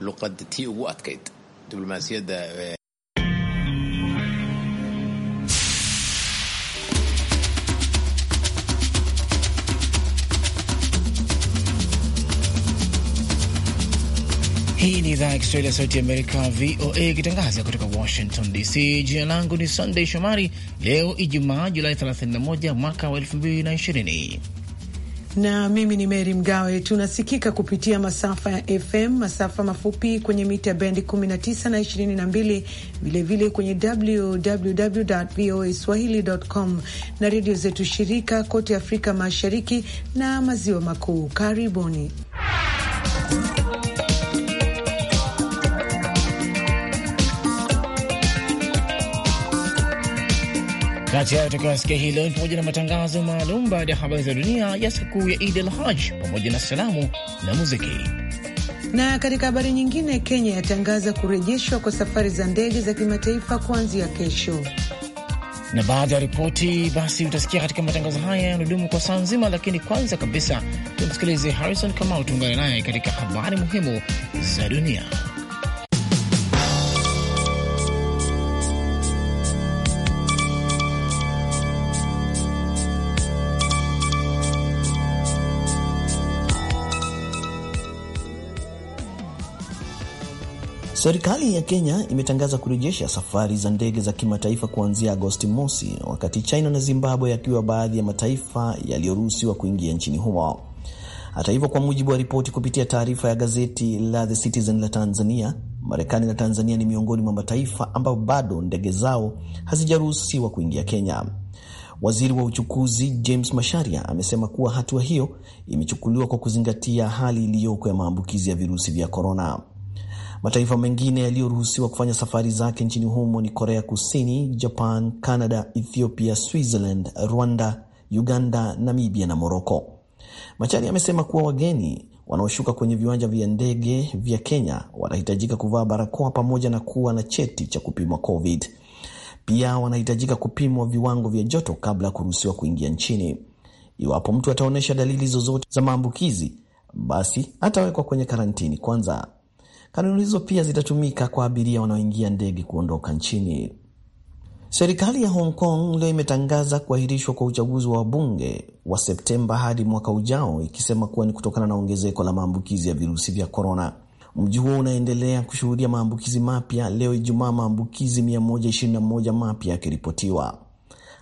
luqad tii ugu adkayd diblomaasiyadda Hii ni idhaa ya Kiswahili ya Sauti Amerika, VOA, ikitangaza kutoka Washington DC. Jina langu ni Sunday Shomari. Leo Ijumaa, Julai 31 mwaka wa 2020 na mimi ni Meri Mgawe. Tunasikika kupitia masafa ya FM, masafa mafupi kwenye mita bendi 19 na 22, vilevile kwenye www voa swahili.com na redio zetu shirika kote Afrika Mashariki na Maziwa Makuu. Karibuni Kati yayo sikia hii leo ni pamoja na matangazo maalum baada ya habari za dunia ya sikukuu ya Idi al Haj pamoja na salamu na muziki. Na katika habari nyingine, Kenya yatangaza kurejeshwa kwa safari za ndege za kimataifa kuanzia kesho na baadhi ya ripoti basi utasikia katika matangazo haya yanadumu kwa saa nzima, lakini kwanza kabisa tumsikilize Harrison Kamau, tuungane naye katika habari muhimu za dunia. Serikali ya Kenya imetangaza kurejesha safari za ndege za kimataifa kuanzia Agosti mosi, wakati China na Zimbabwe yakiwa baadhi ya mataifa yaliyoruhusiwa kuingia nchini humo. Hata hivyo, kwa mujibu wa ripoti kupitia taarifa ya gazeti la The Citizen la Tanzania, Marekani na Tanzania ni miongoni mwa mataifa ambayo bado ndege zao hazijaruhusiwa kuingia Kenya. Waziri wa uchukuzi James Masharia amesema kuwa hatua hiyo imechukuliwa kwa kuzingatia hali iliyoko ya maambukizi ya virusi vya korona. Mataifa mengine yaliyoruhusiwa kufanya safari zake nchini humo ni Korea Kusini, Japan, Canada, Ethiopia, Switzerland, Rwanda, Uganda, Namibia na Moroko. Machari amesema kuwa wageni wanaoshuka kwenye viwanja vya ndege vya Kenya wanahitajika kuvaa barakoa pamoja na kuwa na cheti cha kupimwa COVID. Pia wanahitajika kupimwa viwango vya joto kabla ya kuruhusiwa kuingia nchini. Iwapo mtu ataonyesha dalili zozote za maambukizi, basi atawekwa kwenye karantini kwanza. Kanuni hizo pia zitatumika kwa abiria wanaoingia ndege kuondoka nchini. Serikali ya Hong Kong leo imetangaza kuahirishwa kwa uchaguzi wa wabunge wa Septemba hadi mwaka ujao, ikisema kuwa ni kutokana na ongezeko la maambukizi ya virusi vya korona. Mji huo unaendelea kushuhudia maambukizi mapya, leo Ijumaa maambukizi 121 mapya yakiripotiwa.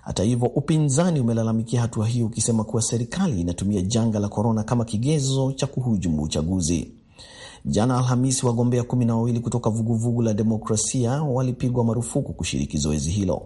Hata hivyo, upinzani umelalamikia hatua hiyo, ukisema kuwa serikali inatumia janga la korona kama kigezo cha kuhujumu uchaguzi. Jana Alhamisi, wagombea kumi na wawili kutoka vuguvugu la demokrasia walipigwa marufuku kushiriki zoezi hilo.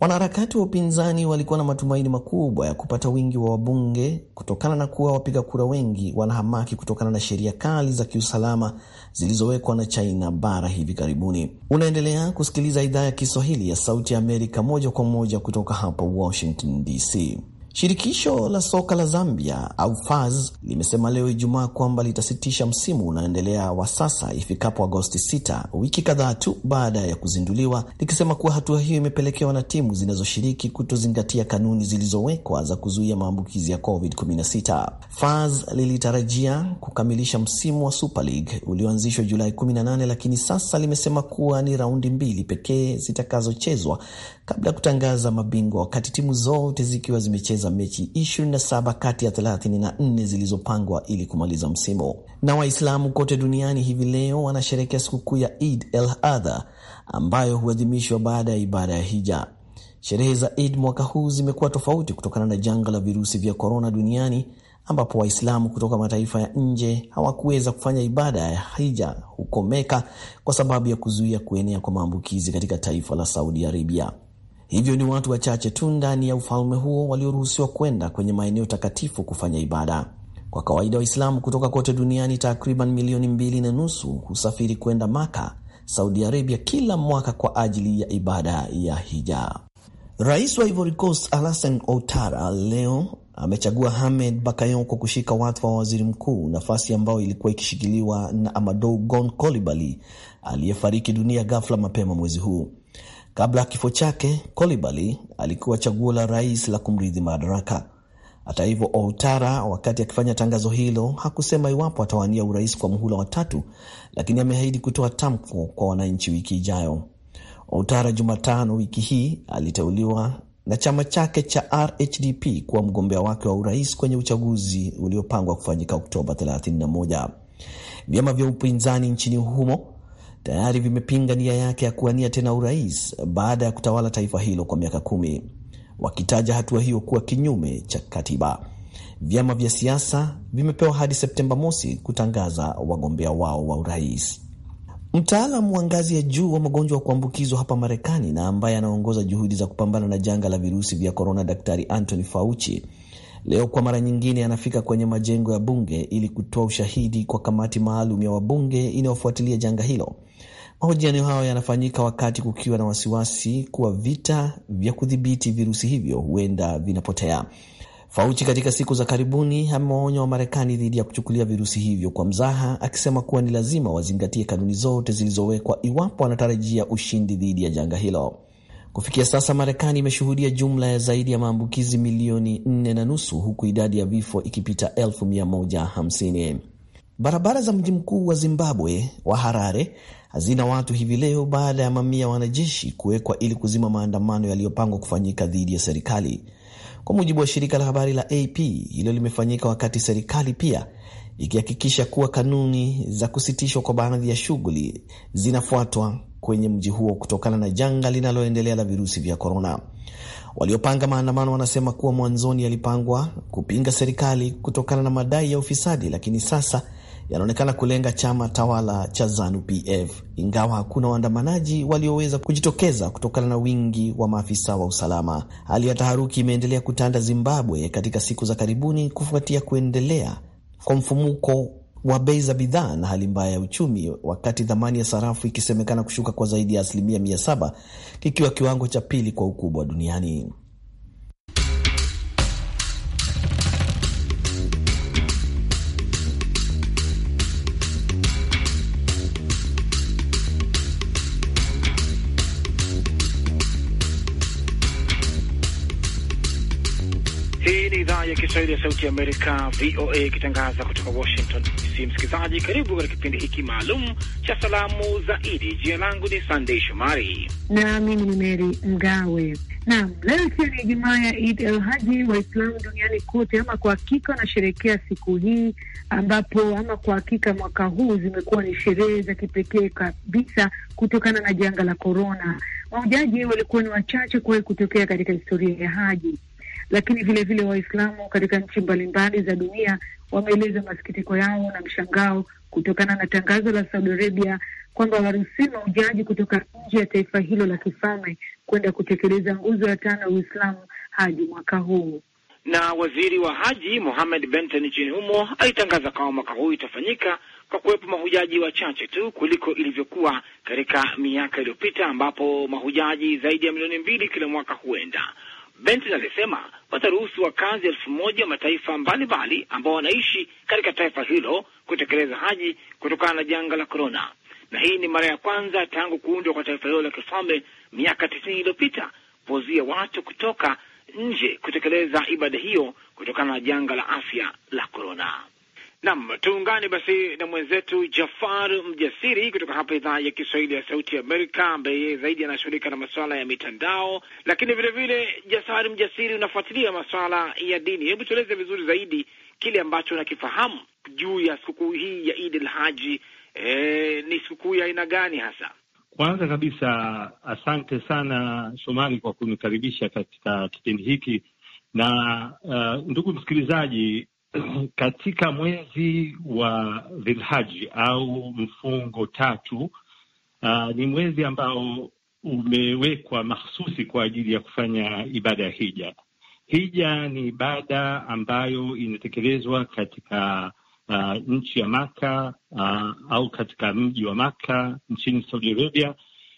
Wanaharakati wa upinzani walikuwa na matumaini makubwa ya kupata wingi wa wabunge kutokana na kuwa wapiga kura wengi wanahamaki kutokana na sheria kali za kiusalama zilizowekwa na China bara hivi karibuni. Unaendelea kusikiliza idhaa ya Kiswahili ya Sauti ya Amerika moja kwa moja kutoka hapa Washington DC. Shirikisho la soka la Zambia au FAZ limesema leo Ijumaa kwamba litasitisha msimu unaoendelea wa sasa ifikapo Agosti 6, wiki kadhaa tu baada ya kuzinduliwa, likisema kuwa hatua hiyo imepelekewa na timu zinazoshiriki kutozingatia kanuni zilizowekwa za kuzuia maambukizi ya COVID-19. FAZ lilitarajia kukamilisha msimu wa Super League ulioanzishwa Julai 18, lakini sasa limesema kuwa ni raundi mbili pekee zitakazochezwa kabla ya kutangaza mabingwa, wakati timu zote zikiwa zimecheza kucheza mechi 27 kati ya 34 zilizopangwa ili kumaliza msimu. Na Waislamu kote duniani hivi leo wanasherehekea sikukuu ya Eid el Adha ambayo huadhimishwa baada ya ibada ya hija. Sherehe za Eid mwaka huu zimekuwa tofauti kutokana na janga la virusi vya korona duniani ambapo Waislamu kutoka mataifa ya nje hawakuweza kufanya ibada ya hija huko Meka kwa sababu ya kuzuia kuenea kwa maambukizi katika taifa la Saudi Arabia. Hivyo ni watu wachache tu ndani ya ufalme huo walioruhusiwa kwenda kwenye maeneo takatifu kufanya ibada. Kwa kawaida Waislamu kutoka kote duniani takriban milioni mbili na nusu husafiri kwenda Maka, Saudi Arabia kila mwaka kwa ajili ya ibada ya hija. Rais wa Ivory Coast Alassane Ouattara leo amechagua Hamed Bakayoko kushika wadhifa wa waziri mkuu, nafasi ambayo ilikuwa ikishikiliwa na Amadou Gon Coulibaly aliyefariki dunia ghafla mapema mwezi huu. Kabla ya kifo chake, Kolibali alikuwa chaguo la rais la kumrithi madaraka. Hata hivyo, outara wakati akifanya tangazo hilo hakusema iwapo atawania urais kwa muhula wa tatu, lakini ameahidi kutoa tamko kwa wananchi wiki ijayo. outara Jumatano wiki hii aliteuliwa na chama chake cha RHDP kuwa mgombea wake wa urais kwenye uchaguzi uliopangwa kufanyika Oktoba 31. Vyama vya upinzani nchini humo tayari vimepinga nia yake ya kuwania tena urais baada ya kutawala taifa hilo kwa miaka kumi, wakitaja hatua hiyo kuwa kinyume cha katiba. Vyama vya siasa vimepewa hadi Septemba mosi kutangaza wagombea wao wa urais. Mtaalamu wa ngazi ya juu wa magonjwa ya kuambukizwa hapa Marekani na ambaye anaongoza juhudi za kupambana na janga la virusi vya korona, Daktari Anthony Fauci Leo kwa mara nyingine anafika kwenye majengo ya bunge ili kutoa ushahidi kwa kamati maalum ya wabunge inayofuatilia janga hilo. Mahojiano hayo yanafanyika wakati kukiwa na wasiwasi kuwa vita vya kudhibiti virusi hivyo huenda vinapotea. fauchi katika siku za karibuni amewaonya Wamarekani dhidi ya kuchukulia virusi hivyo kwa mzaha, akisema kuwa ni lazima wazingatie kanuni zote zilizowekwa iwapo wanatarajia ushindi dhidi ya janga hilo. Kufikia sasa Marekani imeshuhudia jumla ya zaidi ya maambukizi milioni nne na nusu huku idadi ya vifo ikipita elfu mia moja hamsini. Barabara za mji mkuu wa Zimbabwe wa Harare hazina watu hivi leo baada ya mamia wanajeshi kuwekwa ili kuzima maandamano yaliyopangwa kufanyika dhidi ya serikali. Kwa mujibu wa shirika la habari la AP, hilo limefanyika wakati serikali pia ikihakikisha kuwa kanuni za kusitishwa kwa baadhi ya shughuli zinafuatwa kwenye mji huo kutokana na janga linaloendelea la virusi vya korona. Waliopanga maandamano wanasema kuwa mwanzoni yalipangwa kupinga serikali kutokana na madai ya ufisadi, lakini sasa yanaonekana kulenga chama tawala cha Zanu-PF, ingawa hakuna waandamanaji walioweza kujitokeza kutokana na wingi wa maafisa wa usalama. Hali ya taharuki imeendelea kutanda Zimbabwe katika siku za karibuni kufuatia kuendelea kwa mfumuko wa bei za bidhaa na hali mbaya ya uchumi, wakati thamani ya sarafu ikisemekana kushuka kwa zaidi ya asilimia mia saba kikiwa kiwango cha pili kwa ukubwa duniani. ya Kiswahili ya Sauti ya Amerika, VOA, ikitangaza kutoka Washington DC. Msikilizaji, karibu katika kipindi hiki maalum cha salamu za Idi. Jina langu ni Sandei Shomari na mimi ni Meri Mgawe. Naam, leo ikiwa ni Ijumaa ya Id el Haji, Waislamu duniani kote ama kwa hakika wanasherehekea siku hii, ambapo ama kwa hakika mwaka huu zimekuwa ni sherehe za kipekee kabisa kutokana na janga la korona. Mahujaji walikuwa ni wachache kuwahi kutokea katika historia ya haji lakini vilevile Waislamu katika nchi mbalimbali za dunia wameeleza masikitiko yao na mshangao kutokana na tangazo la Saudi Arabia kwamba waruhusiwi mahujaji kutoka nje ya taifa hilo la kifalme kwenda kutekeleza nguzo ya tano ya Uislamu hadi mwaka huu. Na waziri wa haji Mohamed benton nchini humo alitangaza kwama mwaka huu itafanyika kwa kuwepo mahujaji wachache tu kuliko ilivyokuwa katika miaka iliyopita, ambapo mahujaji zaidi ya milioni mbili kila mwaka huenda Benton alisema wataruhusu wakazi elfu moja wa mataifa mbalimbali ambao wanaishi katika taifa hilo kutekeleza haji kutokana na janga la korona, na hii ni mara ya kwanza tangu kuundwa kwa taifa hilo la kifalme miaka tisini iliyopita kuwazuia watu kutoka nje kutekeleza ibada hiyo kutokana na janga la afya la korona. Nam, tuungane basi na mwenzetu Jafar Mjasiri kutoka hapa idhaa ya Kiswahili ya Sauti Amerika, ambaye zaidi anashughulika na masuala ya mitandao. Lakini vilevile, Jafar Mjasiri, unafuatilia masuala ya dini. Hebu tueleze vizuri zaidi kile ambacho unakifahamu juu ya sikukuu hii ya Idi l Haji. E, ni sikukuu ya aina gani hasa? Kwanza kabisa, asante sana Shomari kwa kunikaribisha katika kipindi hiki na uh, ndugu msikilizaji katika mwezi wa Dhilhaji au mfungo tatu uh, ni mwezi ambao umewekwa mahsusi kwa ajili ya kufanya ibada ya hija. Hija ni ibada ambayo inatekelezwa katika uh, nchi ya Maka uh, au katika mji wa Maka nchini Saudi Arabia,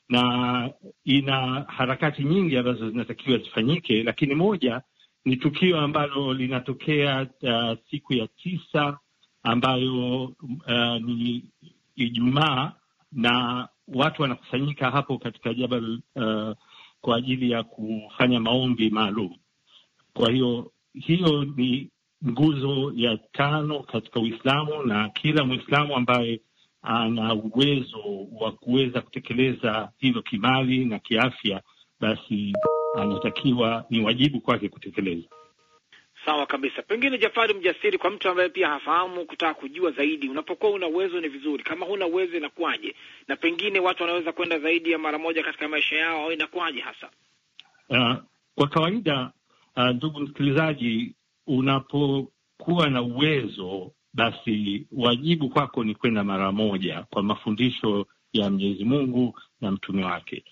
na ina harakati nyingi ambazo zinatakiwa zifanyike, lakini moja ni tukio ambalo linatokea uh, siku ya tisa ambayo uh, ni Ijumaa na watu wanakusanyika hapo katika Jabal uh, kwa ajili ya kufanya maombi maalum. Kwa hiyo hiyo ni nguzo ya tano katika Uislamu, na kila Mwislamu ambaye ana uwezo wa kuweza kutekeleza hilo kimali na kiafya, basi anatakiwa ni wajibu kwake kutekeleza. Sawa kabisa. Pengine Jafari Mjasiri, kwa mtu ambaye pia hafahamu, kutaka kujua zaidi, unapokuwa una uwezo ni vizuri, kama huna uwezo inakuwaje? Na pengine watu wanaweza kwenda zaidi ya mara moja katika maisha yao, au inakuwaje hasa? Uh, kwa kawaida ah, ndugu uh, msikilizaji, unapokuwa na uwezo basi wajibu kwako ni kwenda mara moja kwa mafundisho ya Mwenyezi Mungu na mtume wake.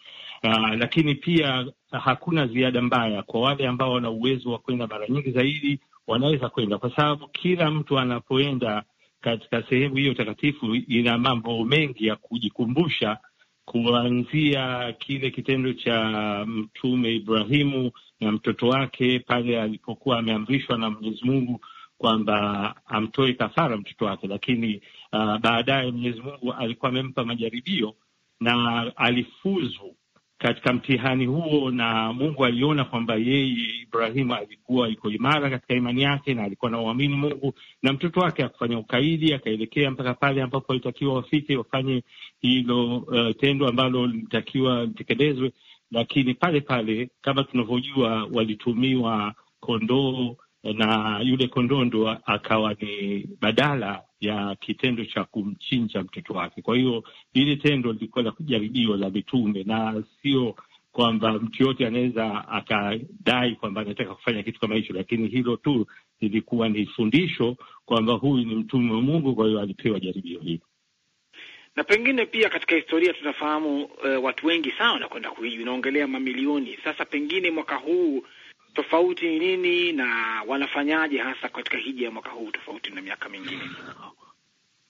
Uh, lakini pia hakuna ziada mbaya. Kwa wale ambao wana uwezo wa kwenda mara nyingi zaidi, wanaweza kwenda, kwa sababu kila mtu anapoenda katika sehemu hiyo takatifu ina mambo mengi ya kujikumbusha, kuanzia kile kitendo cha Mtume Ibrahimu na mtoto wake pale alipokuwa ameamrishwa na Mwenyezi Mungu kwamba amtoe kafara mtoto wake, lakini uh, baadaye Mwenyezi Mungu alikuwa amempa majaribio na alifuzu katika mtihani huo, na Mungu aliona kwamba yeye Ibrahimu alikuwa iko imara katika imani yake na alikuwa na uamini Mungu, na mtoto wake akufanya ukaidi, akaelekea mpaka pale ambapo alitakiwa wafike wafanye hilo uh, tendo ambalo lilitakiwa litekelezwe, lakini pale pale kama tunavyojua walitumiwa kondoo eh, na yule kondoo ndo akawa ni badala ya kitendo cha kumchinja mtoto wake. Kwa hiyo hili tendo lilikuwa la jaribio la mitume, na sio kwamba mtu yote anaweza akadai kwamba anataka kufanya kitu kama hicho, lakini hilo tu lilikuwa ni fundisho kwamba huyu ni mtume wa Mungu, kwa hiyo alipewa jaribio hilo na pengine pia katika historia tunafahamu, uh, watu wengi sana wanakwenda kuhiji, unaongelea mamilioni. Sasa pengine mwaka huu tofauti ni nini na wanafanyaje hasa katika hija ya mwaka huu tofauti na miaka mingine?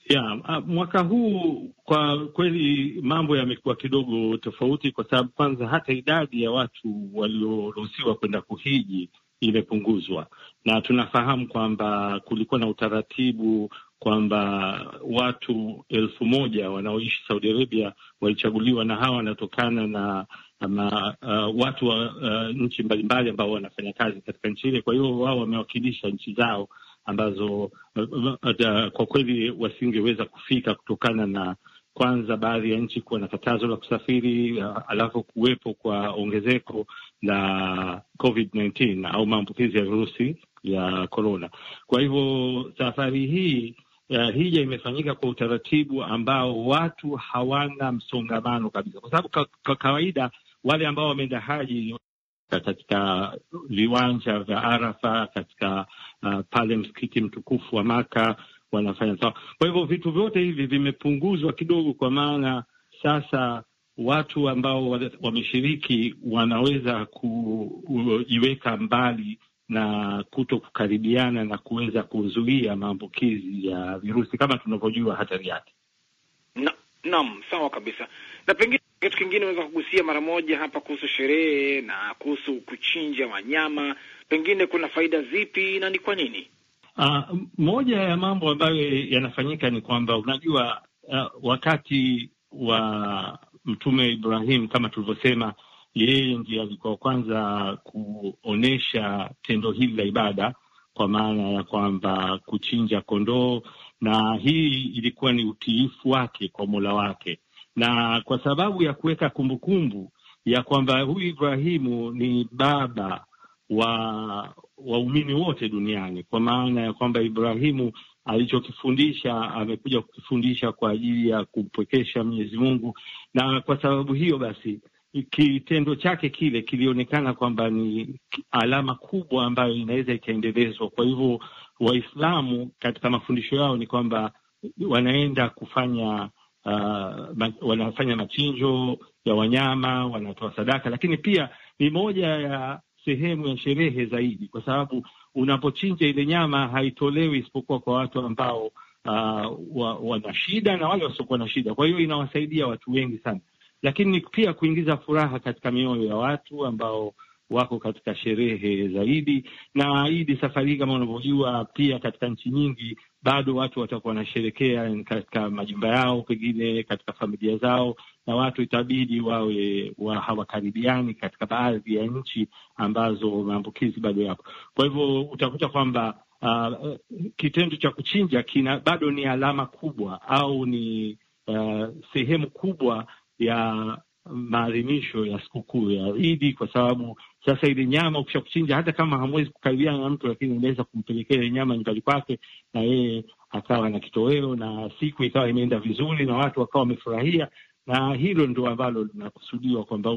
Yeah, mwaka huu kwa kweli mambo yamekuwa kidogo tofauti, kwa sababu kwanza hata idadi ya watu walioruhusiwa kwenda kuhiji imepunguzwa, na tunafahamu kwamba kulikuwa na utaratibu kwamba watu elfu moja wanaoishi Saudi Arabia walichaguliwa, na hawa wanatokana na ama uh, watu wa uh, nchi mbalimbali ambao wanafanya kazi katika nchi ile. Kwa hiyo wao wamewakilisha nchi zao ambazo uh, uh, uh kwa kweli wasingeweza kufika kutokana na kwanza baadhi ya nchi kuwa na katazo la kusafiri, uh, alafu kuwepo kwa ongezeko la COVID-19 au maambukizi ya virusi ya korona. Kwa hivyo safari hii uh, hija imefanyika kwa utaratibu ambao watu hawana msongamano kabisa, kwa sababu kwa kawaida wale ambao wameenda haji katika viwanja vya Arafa, katika uh, pale msikiti mtukufu wa Maka wanafanya sawa. Kwa hivyo vitu vyote hivi vimepunguzwa kidogo, kwa maana sasa watu ambao wameshiriki wanaweza kujiweka mbali na kuto kukaribiana na kuweza kuzuia maambukizi ya virusi kama tunavyojua hatari yake. Naam, sawa kabisa, na pengine kitu kingine unaweza kugusia mara moja hapa kuhusu sherehe na kuhusu kuchinja wanyama, pengine kuna faida zipi na ni kwa nini? Uh, moja ya mambo ambayo yanafanyika ni kwamba unajua, uh, wakati wa Mtume Ibrahim kama tulivyosema, yeye ndiye alikuwa kwanza kuonyesha tendo hili la ibada, kwa maana ya kwamba kuchinja kondoo, na hii ilikuwa ni utiifu wake kwa Mola wake na kwa sababu ya kuweka kumbukumbu ya kwamba huyu Ibrahimu ni baba wa waumini wote duniani, kwa maana ya kwamba Ibrahimu alichokifundisha amekuja kukifundisha kwa ajili ya kumpwekesha Mwenyezi Mungu, na kwa sababu hiyo basi kitendo chake kile kilionekana kwamba ni alama kubwa ambayo inaweza ikaendelezwa. Kwa hivyo Waislamu katika mafundisho yao ni kwamba wanaenda kufanya uh, wanafanya machinjo ya wanyama, wanatoa sadaka, lakini pia ni moja ya sehemu ya sherehe zaidi, kwa sababu unapochinja ile nyama haitolewi isipokuwa kwa watu ambao uh, wana shida na wale wasiokuwa na shida. Kwa hiyo inawasaidia watu wengi sana, lakini pia kuingiza furaha katika mioyo ya watu ambao wako katika sherehe zaidi. Na Idi safari kama unavyojua, pia katika nchi nyingi bado watu watakuwa wanasherekea katika majumba yao, pengine katika familia zao, na watu itabidi wawe wa hawakaribiani katika baadhi ya nchi ambazo maambukizi bado yapo. Kwa hivyo utakuta kwamba uh, kitendo cha kuchinja kina bado ni alama kubwa au ni uh, sehemu kubwa ya maadhimisho ya sikukuu ya Idi, kwa sababu sasa ile nyama ukisha kuchinja, hata kama hamwezi kukaribiana na mtu, lakini unaweza kumpelekea ile nyama nyumbani kwake na yeye akawa na kitoweo, na siku ikawa imeenda vizuri na watu wakawa wamefurahia. Na hilo ndo ambalo linakusudiwa kwamba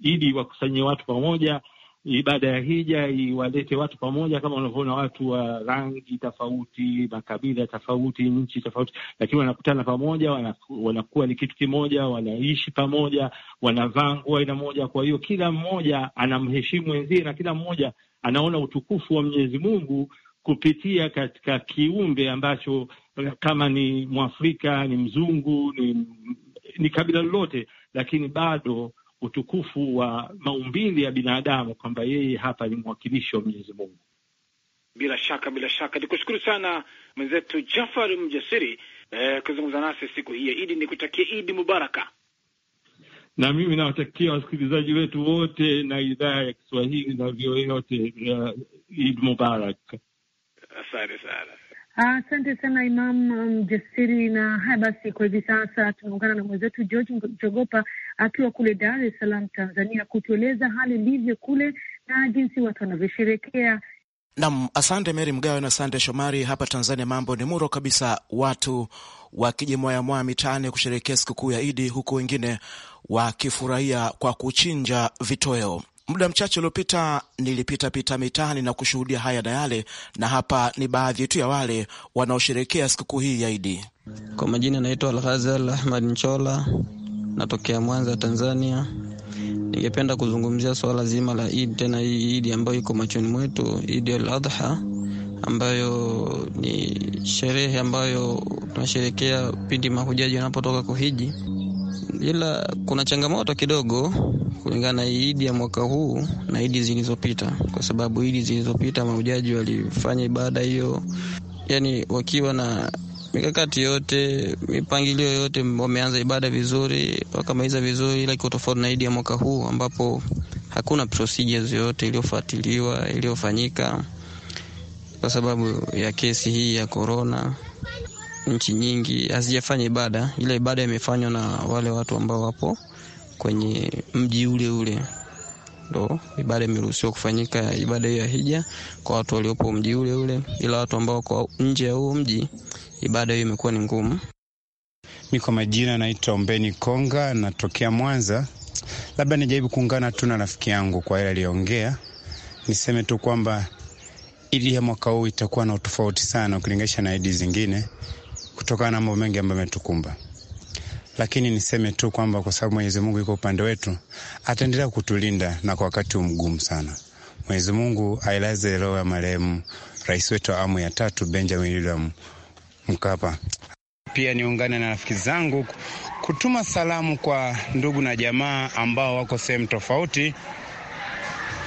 Idi wakusanyie watu pamoja ibada ya hija iwalete watu pamoja, kama unavyoona watu wa rangi tofauti, makabila tofauti, nchi tofauti, lakini wanakutana pamoja, wanaku, wanakuwa ni kitu kimoja, wanaishi pamoja, wanavaa nguo aina moja. Kwa hiyo kila mmoja anamheshimu wenzie na kila mmoja anaona utukufu wa Mwenyezi Mungu kupitia katika kiumbe ambacho eh, kama ni Mwafrika, ni mzungu, ni, ni kabila lolote, lakini bado utukufu wa maumbili ya binadamu kwamba yeye hapa ni mwakilishi wa Mwenyezi Mungu. Bila shaka, bila shaka nikushukuru sana mwenzetu Jafar Mjasiri eh, kuzungumza nasi siku hii ya Idi. kutakia Idi mubaraka, na mimi nawatakia wasikilizaji wetu wote na idhaa ya Kiswahili na vio yote uh, Idi mubarak. Asante sana. Asante sana Imam Mjasiri. Um, na haya basi, kwa hivi sasa tunaungana na mwenzetu George Jogopa akiwa kule Dar es Salaam, Tanzania, kutueleza hali ilivyo kule na jinsi watu wanavyosherekea. Nam, asante Meri Mgawe na asante Shomari. Hapa Tanzania mambo ni muro kabisa, watu wakijimwayamwaa mitaani kusherekea sikukuu ya Idi, huku wengine wakifurahia kwa kuchinja vitoweo. Muda mchache uliopita nilipita pita mitaani na kushuhudia haya na yale, na hapa ni baadhi tu ya wale wanaosherekea sikukuu hii ya Idi. Kwa majina naitwa Alghazal Ahmad Nchola, natokea Mwanza, Tanzania. Ningependa kuzungumzia swala zima la Idi, tena hii Idi ambayo iko machoni mwetu, Idi al Adha, ambayo ni sherehe ambayo tunasherekea pindi mahujaji wanapotoka kuhiji, ila kuna changamoto kidogo kulingana na Idi ya mwaka huu na Idi zilizopita, kwa sababu Idi zilizopita mahujaji walifanya ibada hiyo, yani wakiwa na mikakati yote, mipangilio yote, wameanza ibada vizuri, wakamaliza vizuri, ila iko tofauti na Idi ya mwaka huu ambapo hakuna procedures yoyote iliyofuatiliwa iliyofanyika kwa sababu ya kesi hii ya korona. Nchi nyingi hazijafanya ibada, ila ibada imefanywa na wale watu ambao wapo kwenye mji ule ule ndo ibada imeruhusiwa kufanyika ibada hiyo ya hija kwa watu waliopo mji ule ule, ila watu ambao kwa nje ya huo mji ibada hiyo imekuwa ni ngumu. Mi kwa majina naitwa Ombeni Konga, natokea Mwanza. Labda nijaribu kuungana tu na rafiki yangu kwa ile aliyoongea, niseme tu kwamba ili ya mwaka huu itakuwa na utofauti sana ukilinganisha na idi zingine, kutokana na mambo mengi ambayo ametukumba lakini niseme tu kwamba kwa sababu Mwenyezi Mungu yuko upande wetu, ataendelea kutulinda na kwa wakati mgumu sana. Mwenyezi Mungu ailaze roho ya marehemu rais wetu wa awamu ya tatu Benjamin William Mkapa. Pia niungane na rafiki zangu kutuma salamu kwa ndugu na jamaa ambao wako sehemu tofauti,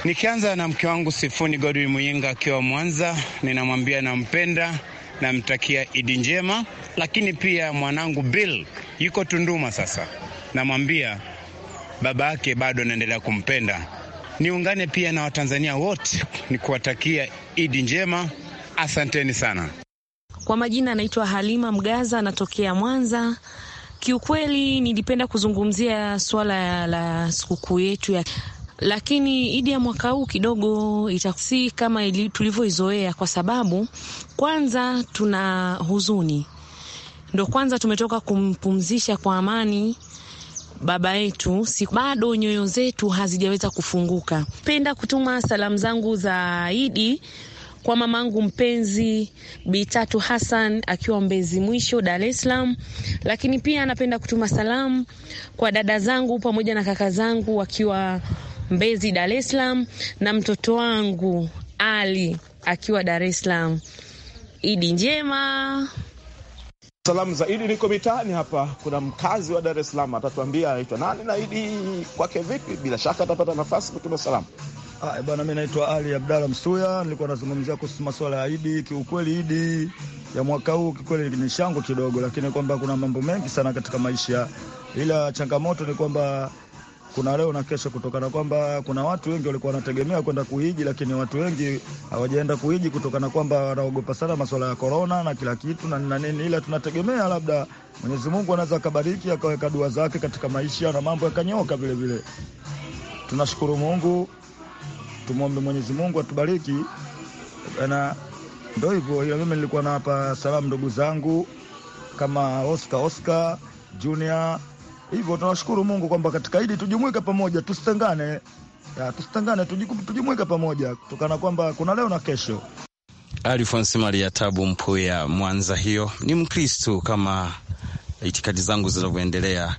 nikianza na mke wangu Sifuni Godwin Muyinga akiwa Mwanza, ninamwambia nampenda namtakia Idi njema, lakini pia mwanangu Bill yuko Tunduma sasa, namwambia baba yake bado anaendelea kumpenda. Niungane pia na Watanzania wote ni kuwatakia Idi njema, asanteni sana. Kwa majina anaitwa Halima Mgaza, anatokea Mwanza. Kiukweli nilipenda kuzungumzia swala la sikukuu yetu ya lakini Idi ya mwaka huu kidogo itasi kama tulivyoizoea, kwa sababu kwanza tuna huzuni, ndo kwanza tumetoka kumpumzisha kwa amani baba yetu, si bado nyoyo zetu hazijaweza kufunguka. Penda kutuma salamu zangu za Idi kwa mamangu mpenzi Bitatu Hassan akiwa Mbezi Mwisho, Dar es Salaam. Lakini pia napenda kutuma salamu kwa dada zangu pamoja na kaka zangu wakiwa Mbezi Dar es Salaam, na mtoto wangu Ali akiwa Dar es Salaam. Idi njema. Salamu za Idi niko mitaani hapa. Kuna mkazi wa Dar es Salaam atatuambia anaitwa nani na Idi kwake vipi. Bila shaka atapata nafasi kutuma salamu. Ah, eh, bwana mimi naitwa Ali Abdalla Msuya, nilikuwa nazungumzia kuhusu masuala ya Idi. Kiukweli Idi ya mwaka huu kikweli ni shangwe kidogo, lakini kwamba kuna mambo mengi sana katika maisha, ila changamoto ni kwamba kuna leo na kesho, kutokana kwamba kuna watu wengi walikuwa wanategemea kwenda kuhiji, lakini watu wengi hawajaenda kuhiji kutokana kwamba wanaogopa sana masuala ya korona na kila kitu na na nini, ila tunategemea labda Mwenyezi Mungu anaweza akabariki akaweka dua zake katika maisha na mambo yakanyoka vile vile. Tunashukuru Mungu, tumwombe Mwenyezi Mungu atubariki na ndo hivyo. Ila mimi nilikuwa hapa salamu ndugu zangu kama Oscar Oscar Junior Hivyo tunashukuru Mungu kwamba katika hili tujumuike pamoja, tusitengane, tusitengane, tujumuike pamoja kutokana kwamba kuna leo na kesho. Alfonsi Maria Tabu Mpuya Mwanza, hiyo ni Mkristu kama itikadi zangu zinavyoendelea.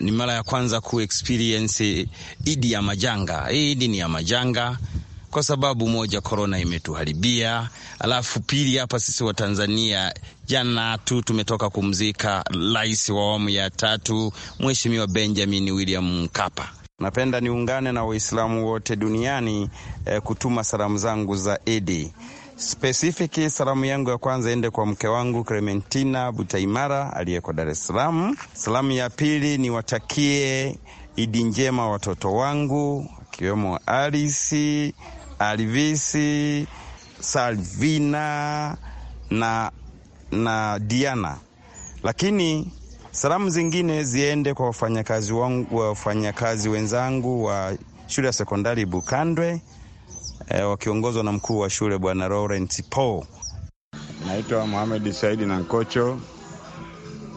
Ni mara ya kwanza ku experience Idi ya majanga. Hii Idi ni ya majanga kwa sababu moja, korona imetuharibia, alafu pili, hapa sisi Tanzania jana tu tumetoka kumzika rais wa awamu ya tatu Mheshimiwa Benjamin William Mkapa. Napenda niungane na Waislamu wote duniani eh, kutuma salamu zangu za Idi spesifiki. Salamu yangu ya kwanza ende kwa mke wangu Clementina Butaimara aliyeko Dar es Salaam. Salamu ya pili niwatakie Idi njema watoto wangu akiwemo arisi Alvisi, Salvina na, na Diana, lakini salamu zingine ziende kwa wafanyakazi wangu, wafanyakazi wenzangu wa shule ya sekondari Bukandwe e, wakiongozwa na mkuu wa shule Bwana Laurent Paul. Naitwa Mohamed Saidi na Nkocho.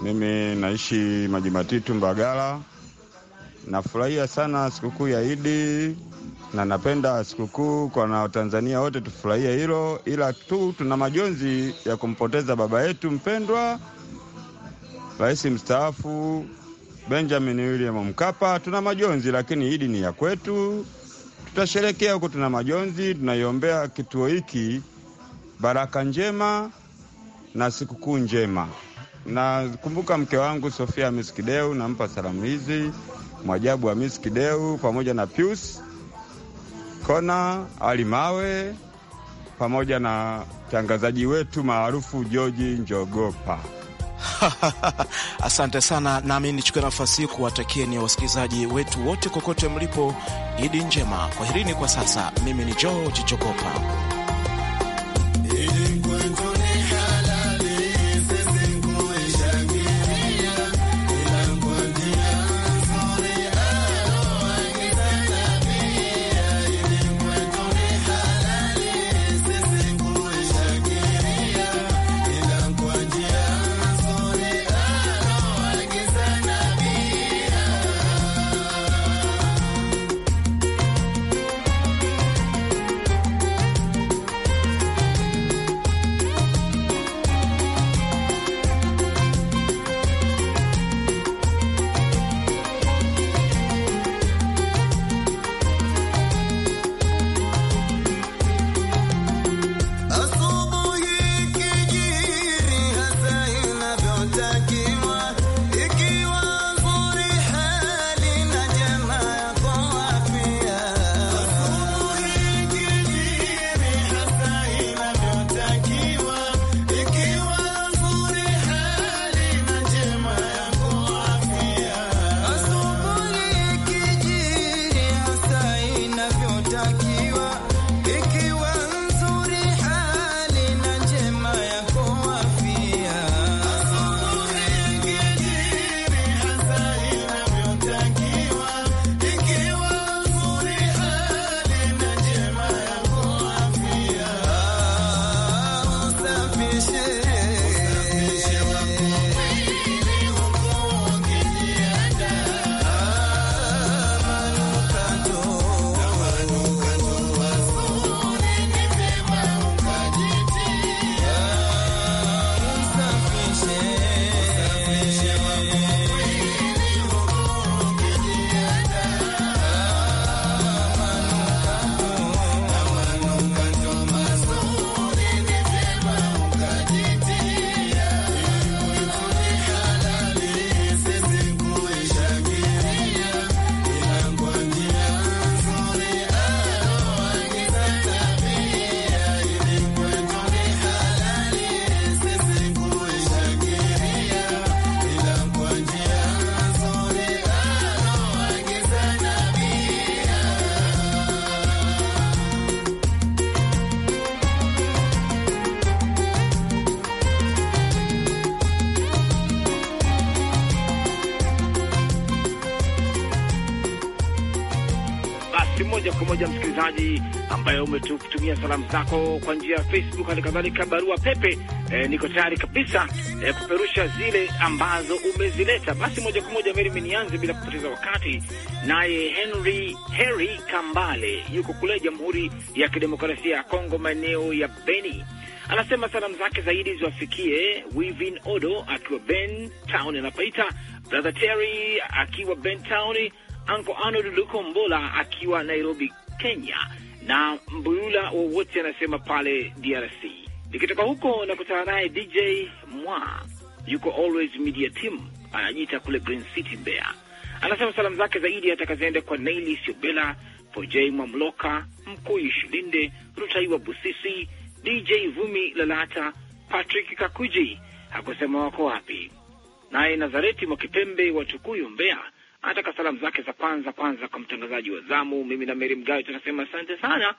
Mimi naishi Majimatitu, Mbagala. Nafurahia sana sikukuu ya Idi na napenda sikukuu kwa na Watanzania wote tufurahie hilo, ila tu tuna majonzi ya kumpoteza baba yetu mpendwa rais mstaafu Benjamin William Mkapa. Tuna majonzi lakini hidi ni ya kwetu, tutasherekea huko. Tuna majonzi, tunaiombea kituo hiki baraka njema na sikukuu njema. Nakumbuka mke wangu Sofia Miskideu, nampa salamu hizi Mwajabu wa Miskideu pamoja na Pius Kona Alimawe pamoja na mtangazaji wetu maarufu joji Njogopa. Asante sana, nami nichukue nafasi hii ni wasikilizaji wetu wote kokote mlipo Idi njema. Kwaherini kwa sasa, mimi ni joji Njogopa. umetutumia salamu zako kwa njia ya Facebook, hali kadhalika barua pepe. eh, niko tayari kabisa eh, kuperusha zile ambazo umezileta. Basi moja kwa moja Meri, nianze bila kupoteza wakati naye Henry Harry Kambale yuko kule Jamhuri ya Kidemokrasia ya Kongo, maeneo ya Beni. Anasema salamu zake zaidi ziwafikie Wivin Odo akiwa Ben Town anapaita Brother Terry akiwa Ben Town, Uncle Arnold Lukombola akiwa Nairobi, Kenya na Mbuyula wowote anasema pale DRC. Nikitoka huko na kutana naye DJ Mwa, yuko Always Media Team, anajiita kule Green City Mbeya. Anasema salamu zake zaidi atakaziende kwa Naili Siobela, Pojei Mwamloka, Mkuyu Shilinde, Rutaiwa Busisi, DJ Vumi Lalata, Patrick Kakuji, hakusema wako wapi. Naye Nazareti Mwakipembe wa Tukuyu Mbeya anataka salamu zake za kwanza kwanza kwa mtangazaji wa zamu. Mimi na Meri Mgawe tunasema asante sana,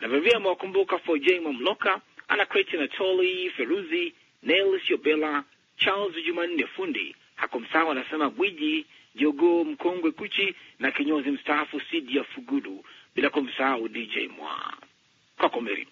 na vilevile amewakumbuka Foj Mamloka, ana Kreti Natoli Feruzi, Nel Yobela, Charles Jumanne Fundi, hakumsawa anasema Gwiji Jogo Mkongwe Kuchi na kinyozi mstaafu Sidia Fugudu, bila kumsahau DJ Mwa. Kwako Meri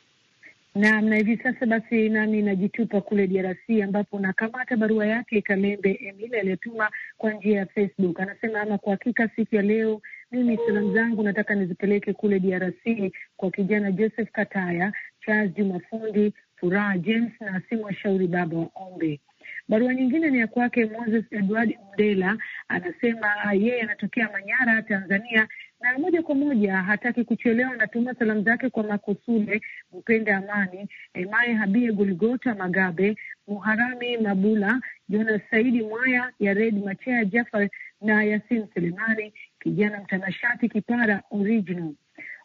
na na hivi sasa basi nami najitupa kule DRC ambapo nakamata barua yake Kalembe Emile aliyotuma kwa njia ya Facebook. Anasema ama kwa hakika siku ya leo mimi salamu zangu nataka nizipeleke kule DRC kwa kijana Joseph Kataya, Charles Jumafundi, Furaha James na wa Shauri, baba wa Ombe. Barua nyingine ni ya kwake Moses Edward Mdela, anasema yeye anatokea Manyara, Tanzania, na moja kwa moja hataki kuchelewa. Anatuma salamu zake kwa Makosule Mpenda Amani, emae Habie, Goligota Magabe, Muharami Mabula, Jonas Saidi Mwaya, Yared Machea, Jafar na Yasin Selemani, kijana mtanashati kipara original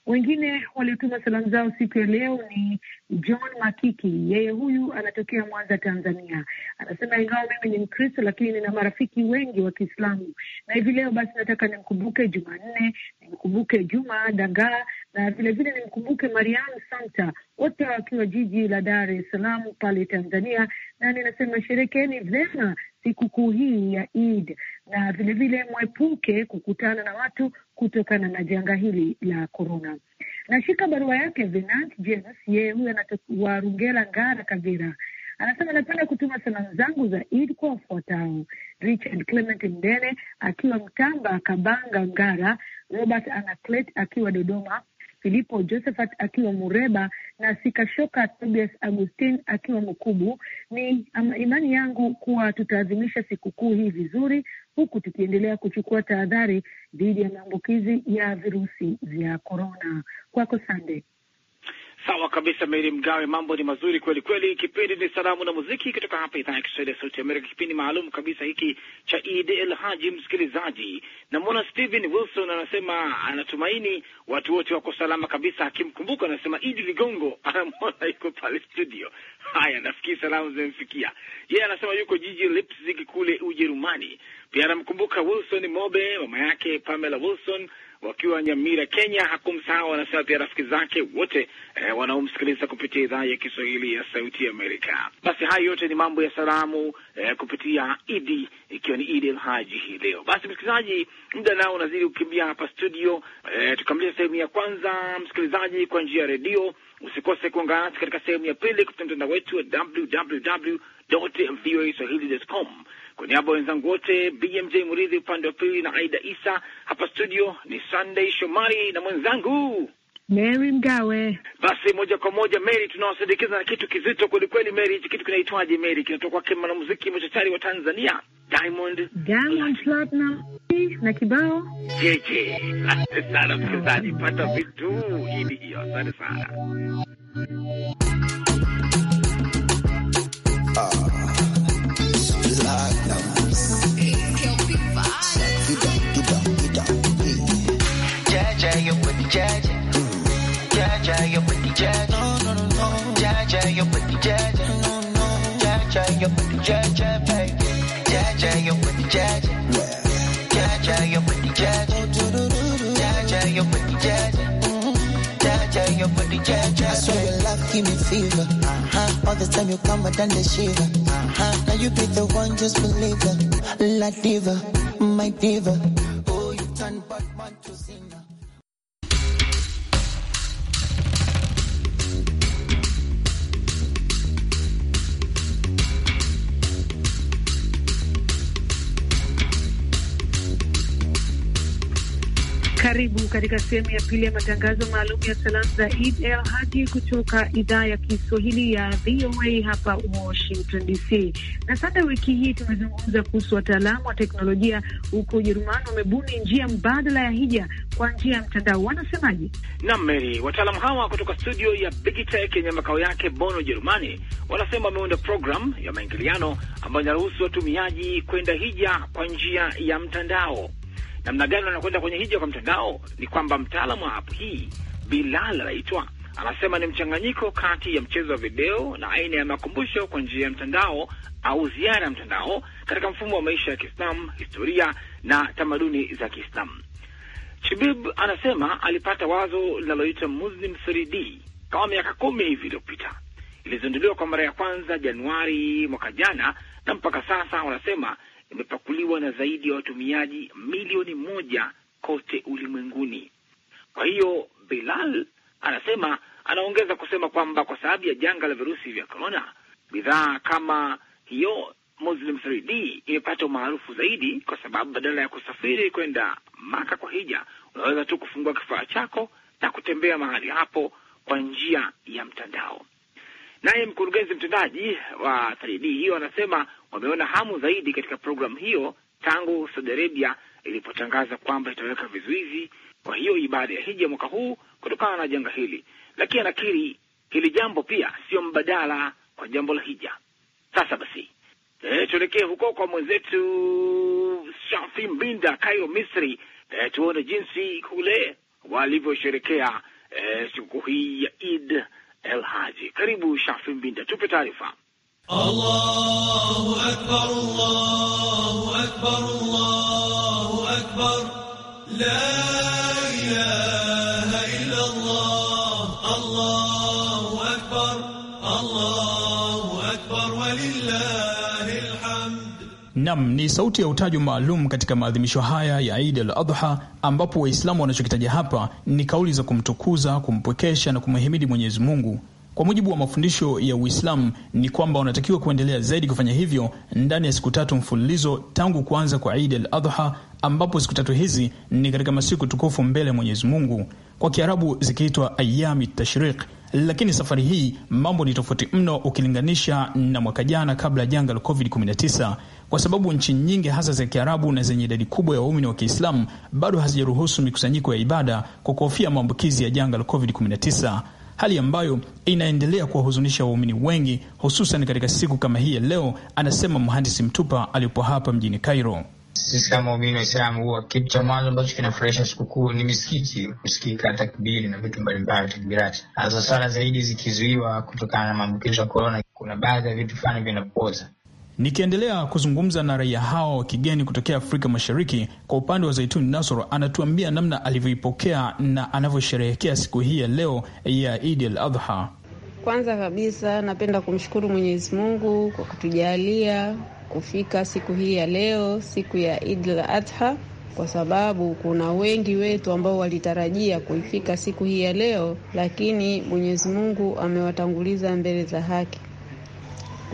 wengine waliotuma salamu zao siku ya leo ni John Makiki, yeye huyu anatokea Mwanza, Tanzania. Anasema ingawa mimi ni Mkristo, lakini nina marafiki wengi wa Kiislamu, na hivi leo basi nataka nimkumbuke Jumanne, nimkumbuke Juma Dangaa na vilevile nimkumbuke Mariam Santa, wote wakiwa jiji la Dar es Salaam pale Tanzania, na ninasema sherekeni vema sikukuu hii ya Eid, na vilevile mwepuke kukutana na watu kutokana na janga hili la korona. Nashika barua yake Venant James, yeye huyu wa Rungela, Ngara, Kagera. Anasema anapenda kutuma salamu zangu za Eid kwa wafuatao: Richard Clement Mdene akiwa Mtamba, Kabanga, Ngara; Robert Anaclet akiwa Dodoma; Filipo Josephat akiwa Mureba na Sikashoka Tobias Agustin akiwa mkubu Ni imani yangu kuwa tutaadhimisha sikukuu hii vizuri, huku tukiendelea kuchukua tahadhari dhidi ya maambukizi ya virusi vya korona. Kwako Sande. Sawa kabisa, Meri Mgawe, mambo ni mazuri kweli kweli. Kipindi ni salamu na muziki kutoka hapa idhaa ya Kiswahili ya Sauti Amerika, kipindi maalum kabisa hiki cha Id el Haji. Msikilizaji, namwona Steven Wilson anasema anatumaini watu wote wako salama kabisa, akimkumbuka anasema Idi Ligongo anamwona yuko pale studio. Haya, nafikiri salamu zimemfikia yeye. Yeah, anasema yuko jiji Leipzig kule Ujerumani. Pia anamkumbuka Wilson Mobe, mama yake Pamela Wilson wakiwa Nyamira, Kenya. Hakumsahau wanasema pia rafiki zake wote eh, wanaomsikiliza kupitia idhaa ya Kiswahili ya Sauti ya Amerika. Basi hayo yote ni mambo ya salamu eh, kupitia Idi, ikiwa ni Idi Alhaji hii leo. Basi msikilizaji, muda nao unazidi kukimbia hapa studio eh, tukamilisha sehemu ya kwanza msikilizaji kwa njia ya redio. Usikose kuungana nasi katika sehemu ya pili kupitia mtandao wetu wa www voa kwa niaba ya wenzangu wote, BMJ Muridhi upande wa pili na Aida Isa hapa studio, ni Sunday Shomari na mwenzangu Mary Mgawe. Basi moja kwa moja Mary, tunawasindikiza na kitu kizito kwelikweli. Meri, hichi kitu kinaitwaje Meri? Kinatoka kwake mwanamuziki machachari wa Tanzania Diamond, Diamond Platinum na kibao jeje. Asante sana mchezaji, pata vitu hivi hiyo. Asante sana ah, jaja. Jaja, your booty jaja. No, no, no, no. Jaja, your booty jaja. No, no. Jaja, your booty jaja, baby. Jaja, your booty your booty jaja. Jaja, your booty jaja. Jaja, your booty jaja. I saw your love give me fever. Uh-huh. All the time you come, I done the shiver. Uh-huh. Now you be the one, just believe it. diva, my diva. Oh, you turn Batman to singer. Karibu katika sehemu ya pili ya matangazo maalum ya salamu za Eid el Haji kutoka idhaa ya Kiswahili ya VOA hapa Washington DC. Na sasa, wiki hii tumezungumza kuhusu wataalamu wa teknolojia huko Ujerumani wamebuni njia mbadala ya hija kwa njia ya mtandao. Wanasemaje? Naam, Mary, wataalamu hawa kutoka studio ya Bigitech yenye makao yake Bono, Ujerumani, wanasema wameunda programu ya maingiliano ambayo inaruhusu watumiaji kwenda hija kwa njia ya mtandao namna gani wanakwenda kwenye hija kwa mtandao, ni kwamba mtaalamu wa app hii Bilal anaitwa anasema ni mchanganyiko kati ya mchezo wa video na aina ya makumbusho kwa njia ya mtandao au ziara ya mtandao katika mfumo wa maisha ya Kiislamu, historia na tamaduni za Kiislamu. Chibib anasema alipata wazo linaloitwa Muslim 3D kama miaka kumi hivi iliyopita. Ilizinduliwa kwa mara ya kwanza Januari mwaka jana, na mpaka sasa wanasema imepakuliwa na zaidi ya watumiaji milioni moja kote ulimwenguni. Kwa hiyo Bilal anasema, anaongeza kusema kwamba kwa sababu ya janga la virusi vya korona, bidhaa kama hiyo Muslim 3D imepata umaarufu zaidi, kwa sababu badala ya kusafiri kwenda Maka kwa hija, unaweza tu kufungua kifaa chako na kutembea mahali hapo kwa njia ya mtandao. Naye mkurugenzi mtendaji wa 3D hiyo anasema wameona hamu zaidi katika programu hiyo tangu Saudi Arabia ilipotangaza kwamba itaweka vizuizi kwa hiyo ibada ya hija mwaka huu kutokana na janga hili. Lakini anakiri hili jambo pia sio mbadala kwa jambo la hija. Sasa basi, e, tuelekee huko kwa mwenzetu Shafi Mbinda, Kairo, Misri. E, tuone jinsi kule walivyosherekea e, sikukuu hii ya Id el Haji. Karibu Shafi Mbinda, tupe taarifa. Allahu akbar, Allahu akbar, Allahu akbar. La ilaha illa Allah. Allahu akbar, Allahu akbar ni sauti ya utajo maalum katika maadhimisho haya ya Eid al-Adha ambapo Waislamu wanachokitaja hapa ni kauli za kumtukuza, kumpwekesha na kumhimidi Mwenyezi Mungu kwa mujibu wa mafundisho ya Uislamu ni kwamba wanatakiwa kuendelea zaidi kufanya hivyo ndani ya siku tatu mfululizo tangu kuanza kwa Idi al Adha, ambapo siku tatu hizi ni katika masiku tukufu mbele ya Mwenyezi Mungu, kwa Kiarabu zikiitwa ayami tashriq. Lakini safari hii mambo ni tofauti mno ukilinganisha na mwaka jana kabla ya janga la COVID-19, kwa sababu nchi nyingi hasa za Kiarabu na zenye idadi kubwa ya waumini wa Kiislamu bado hazijaruhusu mikusanyiko ya ibada kwa kuhofia maambukizi ya janga la COVID-19 hali ambayo inaendelea kuwahuzunisha waumini wengi hususan katika siku kama hii ya leo, anasema mhandisi Mtupa aliyopo hapa mjini Kairo. Sisi kama waumini Waislamu huwa kitu cha mwanzo ambacho kinafurahisha sikukuu ni misikiti kusikika takbiri na vitu mbalimbali takbirati, hasa sala zaidi zikizuiwa kutokana na maambukizo ya korona. Kuna baadhi ya vitu fulani vinapoza Nikiendelea kuzungumza na raia hao wa kigeni kutokea Afrika Mashariki, kwa upande wa Zaituni Nasoro anatuambia namna alivyoipokea na anavyosherehekea siku hii ya leo ya Idi al Adha. Kwanza kabisa napenda kumshukuru Mwenyezi Mungu kwa kutujalia kufika siku hii ya leo, siku ya Idi al Adha, kwa sababu kuna wengi wetu ambao walitarajia kuifika siku hii ya leo, lakini Mwenyezi Mungu amewatanguliza mbele za haki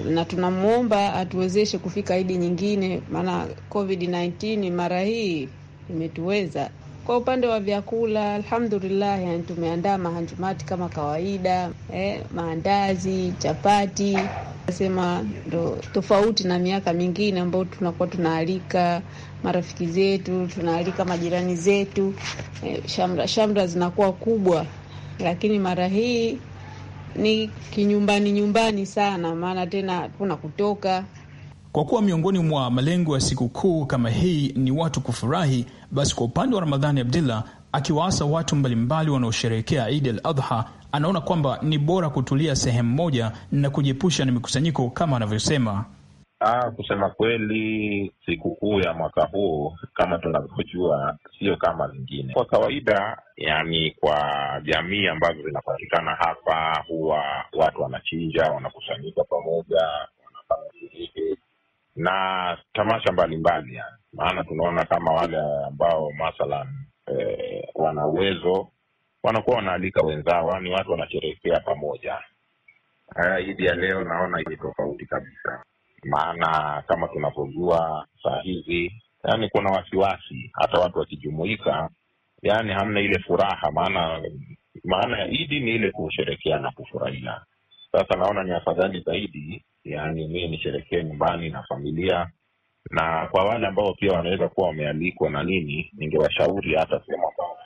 na tunamwomba atuwezeshe kufika Idi nyingine, maana COVID-19 mara hii imetuweza. Kwa upande wa vyakula, alhamdulillah, yani tumeandaa mahanjumati kama kawaida eh, maandazi, chapati nasema ndo tofauti na miaka mingine ambayo tunakuwa tunaalika marafiki zetu, tunaalika majirani zetu eh, shamra shamra zinakuwa kubwa, lakini mara hii ni kinyumbani nyumbani sana, maana tena hatuna kutoka. Kwa kuwa miongoni mwa malengo ya sikukuu kama hii ni watu kufurahi, basi kwa upande wa Ramadhani abdullah akiwaasa watu mbalimbali wanaosherehekea Idi al Adha, anaona kwamba ni bora kutulia sehemu moja na kujiepusha na mikusanyiko kama anavyosema Ah, kusema kweli sikukuu ya mwaka huu kama tunavyojua sio kama zingine. Kwa kawaida, yani kwa jamii ambazo zinapatikana hapa, huwa watu wanachinja, wanakusanyika pamoja, wanafanya sherehe na tamasha mbalimbali yani. Maana tunaona kama wale ambao mathalan eh, wana uwezo wanakuwa wanaalika wenzao, yani watu wanasherehekea pamoja. Ah, Idi ya leo naona ni tofauti kabisa maana kama tunavyojua saa hizi, yani kuna wasiwasi, hata watu wakijumuika, yani hamna ile furaha. Maana maana ya Idi ni ile kusherekea na kufurahia. Sasa naona ni afadhali zaidi, yani mii nisherekee nyumbani na familia, na kwa wale ambao pia wanaweza kuwa wamealikwa na nini, ningewashauri hata sehemu ambao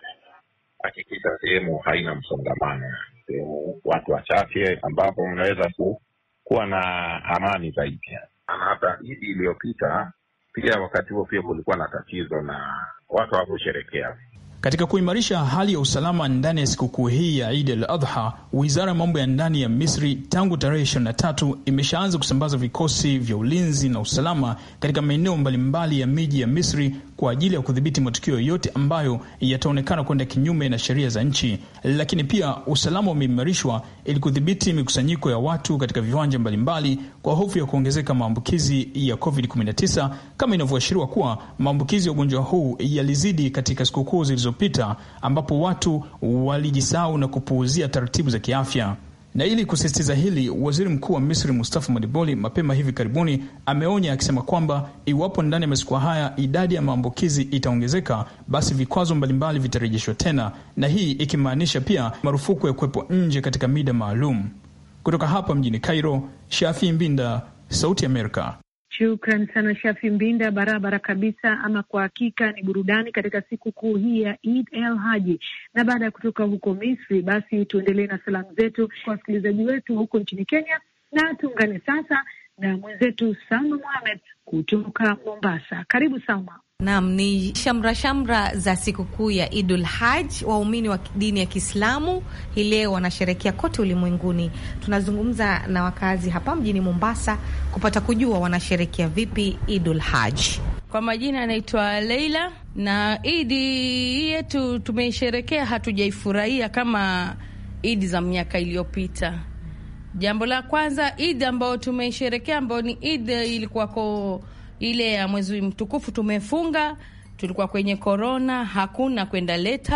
hakikisha sehemu haina msongamano, sehemu watu wachache ambapo mnaweza ku kuwa na amani zaidi. Hata Idi iliyopita pia, wakati huo pia kulikuwa na tatizo na watu hawakusherekea. Katika kuimarisha hali ya usalama ndani ya sikukuu hii ya Idi al Adha, wizara ya mambo ya ndani ya Misri tangu tarehe na tatu imeshaanza kusambaza vikosi vya ulinzi na usalama katika maeneo mbalimbali ya miji ya Misri kwa ajili ya kudhibiti matukio yote ambayo yataonekana kwenda kinyume na sheria za nchi. Lakini pia usalama umeimarishwa ili kudhibiti mikusanyiko ya watu katika viwanja mbalimbali kwa hofu ya kuongezeka maambukizi ya COVID-19 kama inavyoashiriwa kuwa maambukizi ya ugonjwa huu yalizidi katika sikukuu zilizopita ambapo watu walijisahau na kupuuzia taratibu za kiafya. Na ili kusisitiza hili, waziri mkuu wa Misri Mustafa Madiboli mapema hivi karibuni ameonya akisema kwamba iwapo ndani ya masiku haya idadi ya maambukizi itaongezeka, basi vikwazo mbalimbali vitarejeshwa tena, na hii ikimaanisha pia marufuku ya kuwepo nje katika mida maalum. Kutoka hapa mjini Cairo, Shafi Mbinda, Sauti Amerika. Shukran sana Shafi Mbinda, barabara kabisa. Ama kwa hakika ni burudani katika siku kuu hii ya Eid el Haji. Na baada ya kutoka huko Misri, basi tuendelee na salamu zetu kwa wasikilizaji wetu huko nchini Kenya, na tuungane sasa na mwenzetu Salma Muhamed kutoka Mombasa. Karibu Salma. Naam, ni shamra shamra za sikukuu ya Idul Haj. Waumini wa dini ya Kiislamu hii leo wanasherekea kote ulimwenguni. Tunazungumza na wakazi hapa mjini Mombasa kupata kujua wanasherekea vipi Idul Haj. Kwa majina anaitwa Leila, na idi yetu tumeisherekea, hatujaifurahia kama idi za miaka iliyopita. Jambo la kwanza idi ambayo tumeisherekea ambayo ni idi ilikuwako ile ya mwezi mtukufu tumefunga, tulikuwa kwenye korona, hakuna kwenda late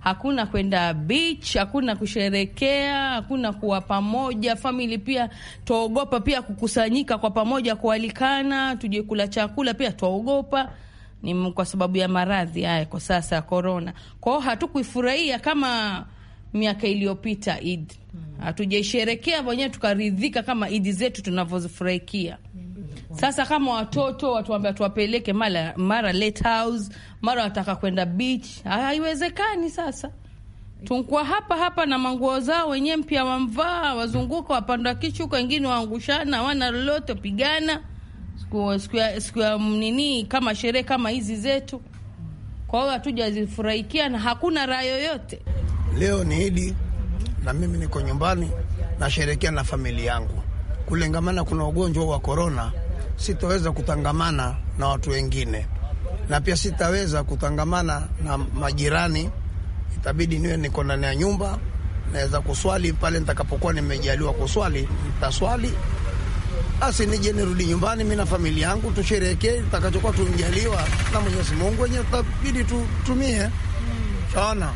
hakuna kwenda beach, hakuna kusherekea, hakuna kuwa pamoja famili. Pia twaogopa pia kukusanyika kwa pamoja, kualikana tuje kula chakula, pia twaogopa ni kwa sababu ya maradhi haya kwa sasa ya korona. Kwao hatukuifurahia kama miaka iliyopita Id, hmm. hatujaisherekea wenyewe tukaridhika kama Idi zetu tunavyozifurahikia. Hmm. Sasa kama watoto watuambia tuwapeleke mara mara late house, mara wataka kwenda beach, haiwezekani. Sasa tunkwa hapa hapa na manguo zao wenyewe mpya wamvaa, wazunguka wapanda kichuka, wengine waangushana, wana lolote pigana siku ya nini, kama sherehe kama hizi zetu. Kwa hiyo hatujazifurahikia na hakuna raha yoyote. Leo ni Idi na mimi niko nyumbani nasherekea na familia yangu, kulengamana kuna ugonjwa wa korona sitaweza kutangamana na watu wengine, na pia sitaweza kutangamana na majirani. Itabidi niwe niko ndani ya nyumba, naweza kuswali pale nitakapokuwa nimejaliwa kuswali, nitaswali basi, nije nirudi nyumbani, mi na familia yangu tusherekee takachokuwa tumjaliwa na Mwenyezi Mungu, wenyewe tutabidi tutumie. Saona,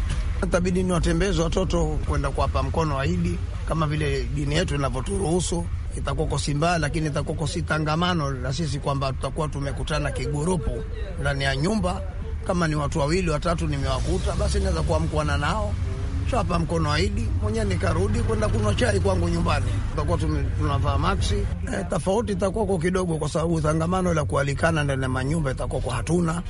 ni watembezi watoto kwenda kuwapa mkono waidi, kama vile dini yetu inavyoturuhusu itakuwako si mbaya, lakini itakuwako si tangamano la sisi kwamba tutakuwa tumekutana kigurupu ndani ya nyumba. Kama ni watu wawili watatu nimewakuta, basi naweza kuamkuana nao chapa mkono wa Idi mwenyewe nikarudi kwenda kunywa chai kwangu nyumbani, tutakuwa tunavaa maksi. E, tofauti itakuwako kidogo, kwa sababu tangamano la kualikana ndani ya manyumba itakuwako hatuna.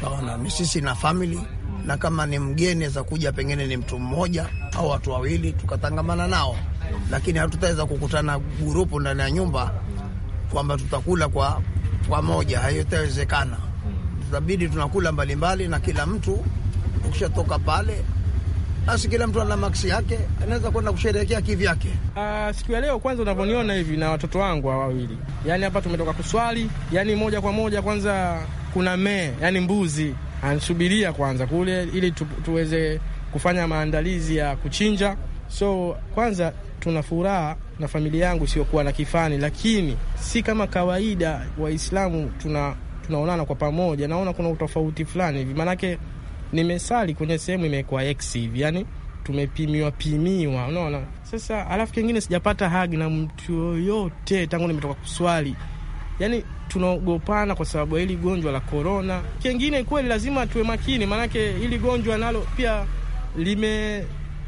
Sawa, ni sisi na famili na kama ni mgeni za kuja, pengine ni mtu mmoja au watu wawili, tukatangamana nao lakini hatutaweza kukutana gurupu ndani ya nyumba kwamba tutakula kwa moja haitawezekana. Tutabidi tunakula mbalimbali mbali, na kila mtu ukishatoka pale basi kila mtu ana maksi yake, anaweza kwenda kusherehekea kivyake. Uh, siku ya leo kwanza, unavyoniona hivi na watoto wangu hawa wawili, yani hapa tumetoka kuswali, yaani moja kwa moja kwanza kuna mee, yani mbuzi ansubiria kwanza kule, ili tu, tuweze kufanya maandalizi ya kuchinja. So kwanza tuna furaha na familia yangu isiyokuwa na kifani, lakini si kama kawaida Waislamu tuna tunaonana kwa pamoja. Naona kuna utofauti fulani hivi, maanake nimesali kwenye sehemu imekuwa x hivi, yani tumepimiwa pimiwa, unaona. Sasa alafu kingine sijapata hagi na mtu yoyote tangu nimetoka kuswali, yani tunaogopana kwa sababu ya hili gonjwa la korona. Kingine kweli lazima tuwe makini, maanake hili gonjwa nalo pia lime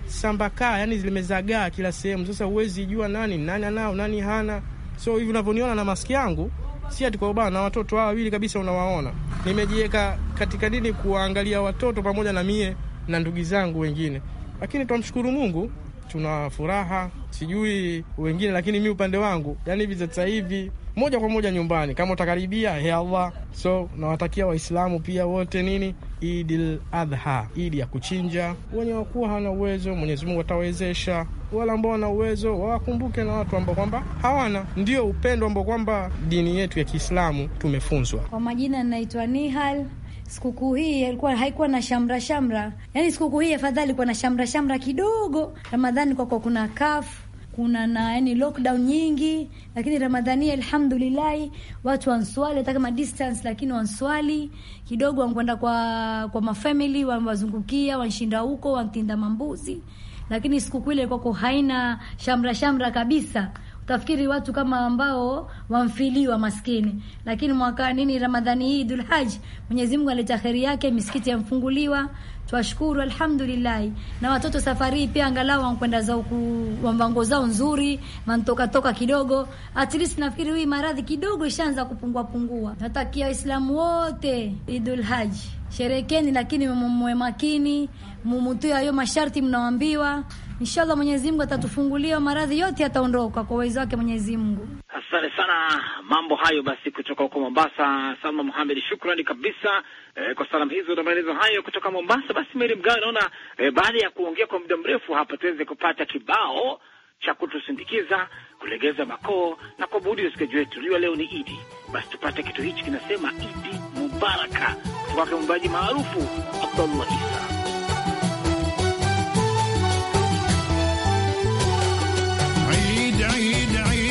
sambakaa, yani zimezagaa kila sehemu. Sasa huwezi jua nani nani anao nani hana. So hivi unavyoniona na maski yangu si ati kwa ubana, watoto hawa wawili kabisa unawaona. Nimejiweka katika nini kuwaangalia watoto pamoja na mie na ndugu zangu wengine, lakini twamshukuru Mungu tuna furaha, sijui wengine, lakini mi upande wangu, yani hivi sasa hivi moja kwa moja nyumbani, kama utakaribia he Allah. So nawatakia Waislamu pia wote nini, Idil Adha, idi ya kuchinja. Wenye wakuwa hana uwezo, Mwenyezi Mungu atawezesha. Wale ambao wana uwezo wawakumbuke na watu ambao kwamba hawana. Ndio upendo ambao kwamba dini yetu ya Kiislamu tumefunzwa. Kwa majina naitwa Nihal. Sikukuu hii ilikuwa haikuwa na shamra shamra, yaani sikukuu hii afadhali ilikuwa na shamra shamra kidogo. Ramadhani kwa kwa kuna kafu kuna na yani lockdown nyingi, lakini Ramadhani alhamdulillah watu wanswali hata kama distance, lakini wanswali kidogo, wankwenda kwa kwa mafamily, wanwazungukia wanshinda huko wantinda mambuzi, lakini sikukuu ile kwako haina shamra shamra kabisa. Utafikiri watu kama ambao wamfiliwa maskini, lakini mwaka nini Ramadhani hii Idul Haji, Mwenyezi Mungu aleta kheri yake, misikiti yamfunguliwa, twashukuru alhamdulillahi. Na watoto safari hii pia angalau wankwenda za huku wambango zao nzuri, wantoka toka kidogo. At least nafikiri hii maradhi kidogo ishaanza kupungua pungua. Natakia Waislamu wote Idul Haji sherekeni, lakini mwe makini, mumutia hayo masharti mnaoambiwa. Inshallah Mwenyezi Mungu atatufungulia maradhi yote, yataondoka kwa uwezo wake Mwenyezi Mungu. Asante sana. Mambo hayo basi, kutoka huko Mombasa, Salma Muhamed, shukrani kabisa eh, kwa salamu hizo na maelezo hayo kutoka Mombasa. Basi Meri Mgawe, naona eh, baada ya kuongea kwa muda mrefu hapa, tuweze kupata kibao cha kutusindikiza kulegeza makoo na kuabudu usikiaji wetu. leo ni Idi, basi tupate kitu hichi kinasema Idi Mubaraka. wake mwimbaji maarufu Abdullah Isa. Eid, Eid, Eid.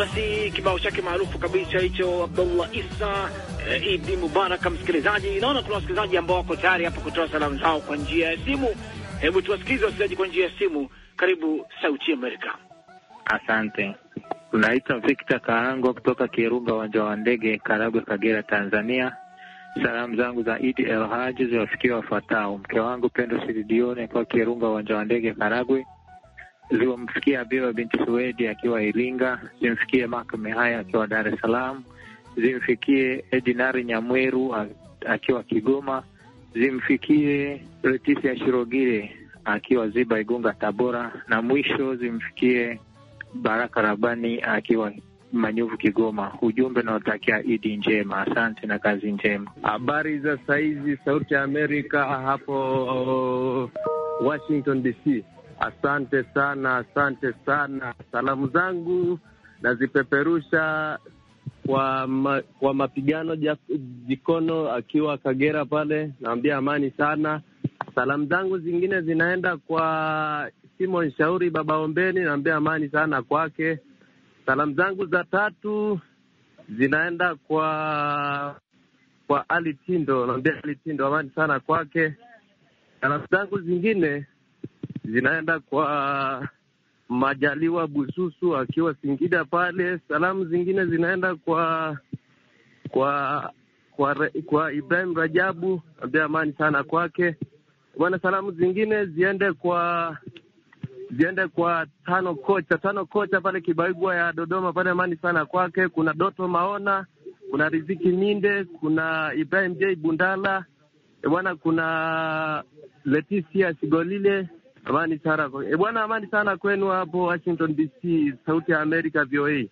basi kibao chake maarufu kabisa hicho Abdullah Isa e, eh, Idi Mubaraka. Msikilizaji, naona kuna wasikilizaji ambao wako tayari hapa kutoa salamu zao kwa njia ya simu. Hebu tuwasikilize wasikilizaji kwa njia ya simu. Karibu Sauti Amerika. Asante. Unaitwa Victor Kaango kutoka Kirunga, uwanja wa ndege Karagwe, Kagera, Tanzania. Salamu zangu za Idi El Haji ziwafikia wafuatao: mke wangu Pendo Silidione akiwa Kirunga, uwanja wa ndege Karagwe zimemfikia biwa binti Suwedi akiwa Iringa, zimfikie Mak Mehaya akiwa Dar es Salaam, zimfikie Edinari Nyamweru akiwa Kigoma, zimfikie Retisia Shirogile akiwa Ziba Igunga, Tabora, na mwisho zimfikie Baraka Rabani akiwa Manyuvu, Kigoma. Ujumbe unaotakia Idi njema, asante na kazi njema. Habari za saizi, Sauti ya Amerika hapo Washington DC. Asante sana, asante sana. Salamu zangu nazipeperusha kwa ma, kwa mapigano Jikono akiwa Kagera pale, naambia amani sana. Salamu zangu zingine zinaenda kwa Simon Shauri baba Ombeni, naambia amani sana kwake. Salamu zangu za tatu zinaenda kwa kwa Ali Tindo, naambia Ali Tindo amani sana kwake. Salamu zangu zingine zinaenda kwa Majaliwa Bususu akiwa Singida pale. Salamu zingine zinaenda kwa kwa kwa, kwa Ibrahim Rajabu, ambia amani sana kwake bwana. Salamu zingine ziende kwa ziende kwa tano kocha tano kocha pale Kibaigwa ya Dodoma pale, amani sana kwake. Kuna Doto Maona, kuna Riziki Minde, kuna Ibrahim J Bundala bwana, kuna Leticia Sigolile Amani sana e, bwana, amani sana kwenu hapo Washington DC. Sauti ya Amerika, VOA.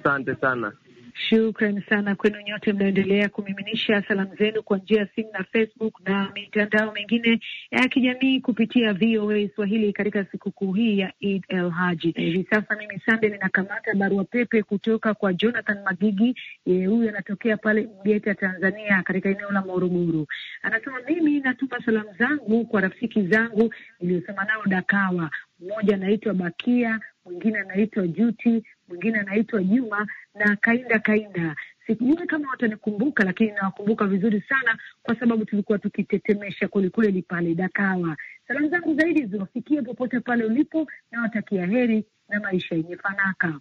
Asante sana. Shukran sana kwenu nyote mnaoendelea kumiminisha salamu zenu kwa njia ya simu na Facebook na mitandao mingine ya kijamii kupitia VOA Swahili katika sikukuu hii ya Eid el Haji. Hivi sasa mimi Sande ninakamata barua pepe kutoka kwa Jonathan Magigi, huyu anatokea pale Mgeta, Tanzania, katika eneo la Morogoro. Anasema mimi natuma salamu zangu kwa rafiki zangu niliyosema nao Dakawa mmoja anaitwa Bakia, mwingine anaitwa Juti, mwingine anaitwa Juma na Kainda Kainda. Sijui kama watanikumbuka, lakini nawakumbuka vizuri sana kwa sababu tulikuwa tukitetemesha kwelikweli pale Dakawa. Salamu zangu zaidi ziwafikie popote pale ulipo, nawatakia heri na maisha yenye fanaka.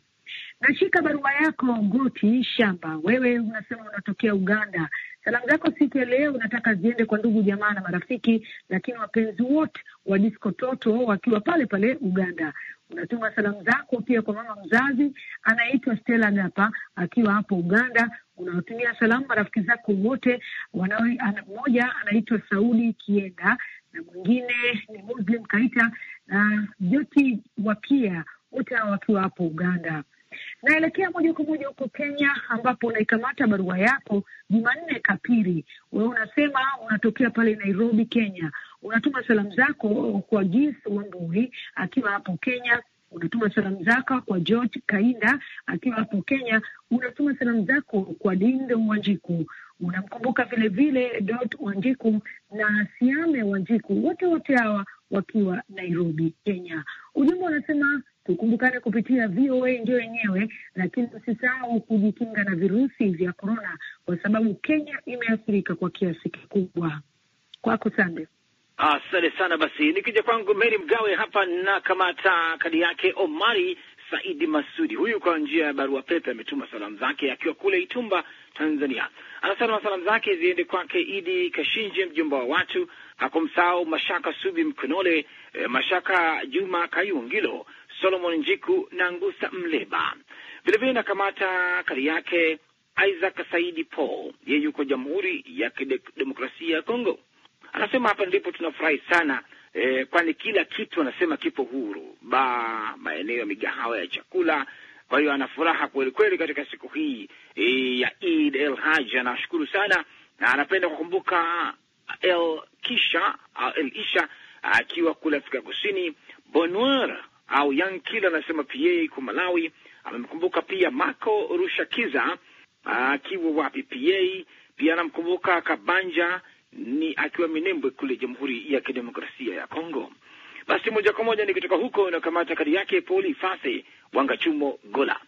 Nashika barua yako Ngoti Shamba, wewe unasema unatokea Uganda. Salamu zako siku ya leo unataka ziende kwa ndugu jamaa na marafiki, lakini wapenzi wote wa Disko Toto wakiwa pale pale Uganda. Unatuma salamu zako pia kwa mama mzazi anaitwa Stella Gapa akiwa hapo Uganda. Unawatumia salamu marafiki zako wote, mmoja anaitwa Saudi Kienda na mwingine ni Muslim Kaita na Joti Wakia, wote hao wakiwa hapo Uganda. Naelekea moja kwa moja huko Kenya, ambapo unaikamata barua yako Jumanne Kapiri. Wewe unasema unatokea pale Nairobi, Kenya. Unatuma salamu zako kwa Jis Wambui akiwa hapo Kenya unatuma salamu zako kwa George Kainda akiwa hapo Kenya. Unatuma salamu zako kwa Dindo Wanjiku, unamkumbuka vilevile Dot Wanjiku na Siame Wanjiku, wote wote hawa wakiwa Nairobi, Kenya. Ujumbe unasema Tukumbukane kupitia VOA ndio wenyewe, lakini usisahau kujikinga na virusi vya korona, kwa sababu Kenya imeathirika kwa kiasi kikubwa. Kwako Sande. Asante sana. Basi nikija kwangu Meri Mgawe hapa na kamata kadi yake Omari Saidi Masudi. Huyu kwa njia ya barua pepe ametuma salamu zake akiwa kule Itumba, Tanzania. Anasema salamu zake ziende kwake Idi Kashinje, mjumba wa watu, hakumsahau Mashaka Subi Mkonole, eh, Mashaka Juma Kayungilo, Solomon Njiku na Ngusa Mleba. Vilevile na kari yake Isaac Saidi Paul, yeye yuko Jamhuri ya Kidemokrasia ya Kongo. Anasema hapa ndipo tunafurahi sana e, kwani kila kitu anasema kipo huru, ba maeneo ya migahawa ya chakula. Kwa hiyo ana furaha kweli kweli katika siku hii e, ya Eid El Hajj. Anashukuru sana na anapenda kukumbuka El Kisha El Isha akiwa kule Afrika Kusini. Bonheur au Young Kila anasema PA kwa Malawi. Amemkumbuka pia Marco Rushakiza akiwa wapi PA. Pia anamkumbuka Kabanja ni akiwa Minembwe kule Jamhuri ya Kidemokrasia ya Kongo. Basi moja kwa moja nikitoka huko inakamata kadi yake Poli Fase Wangachumo Gola,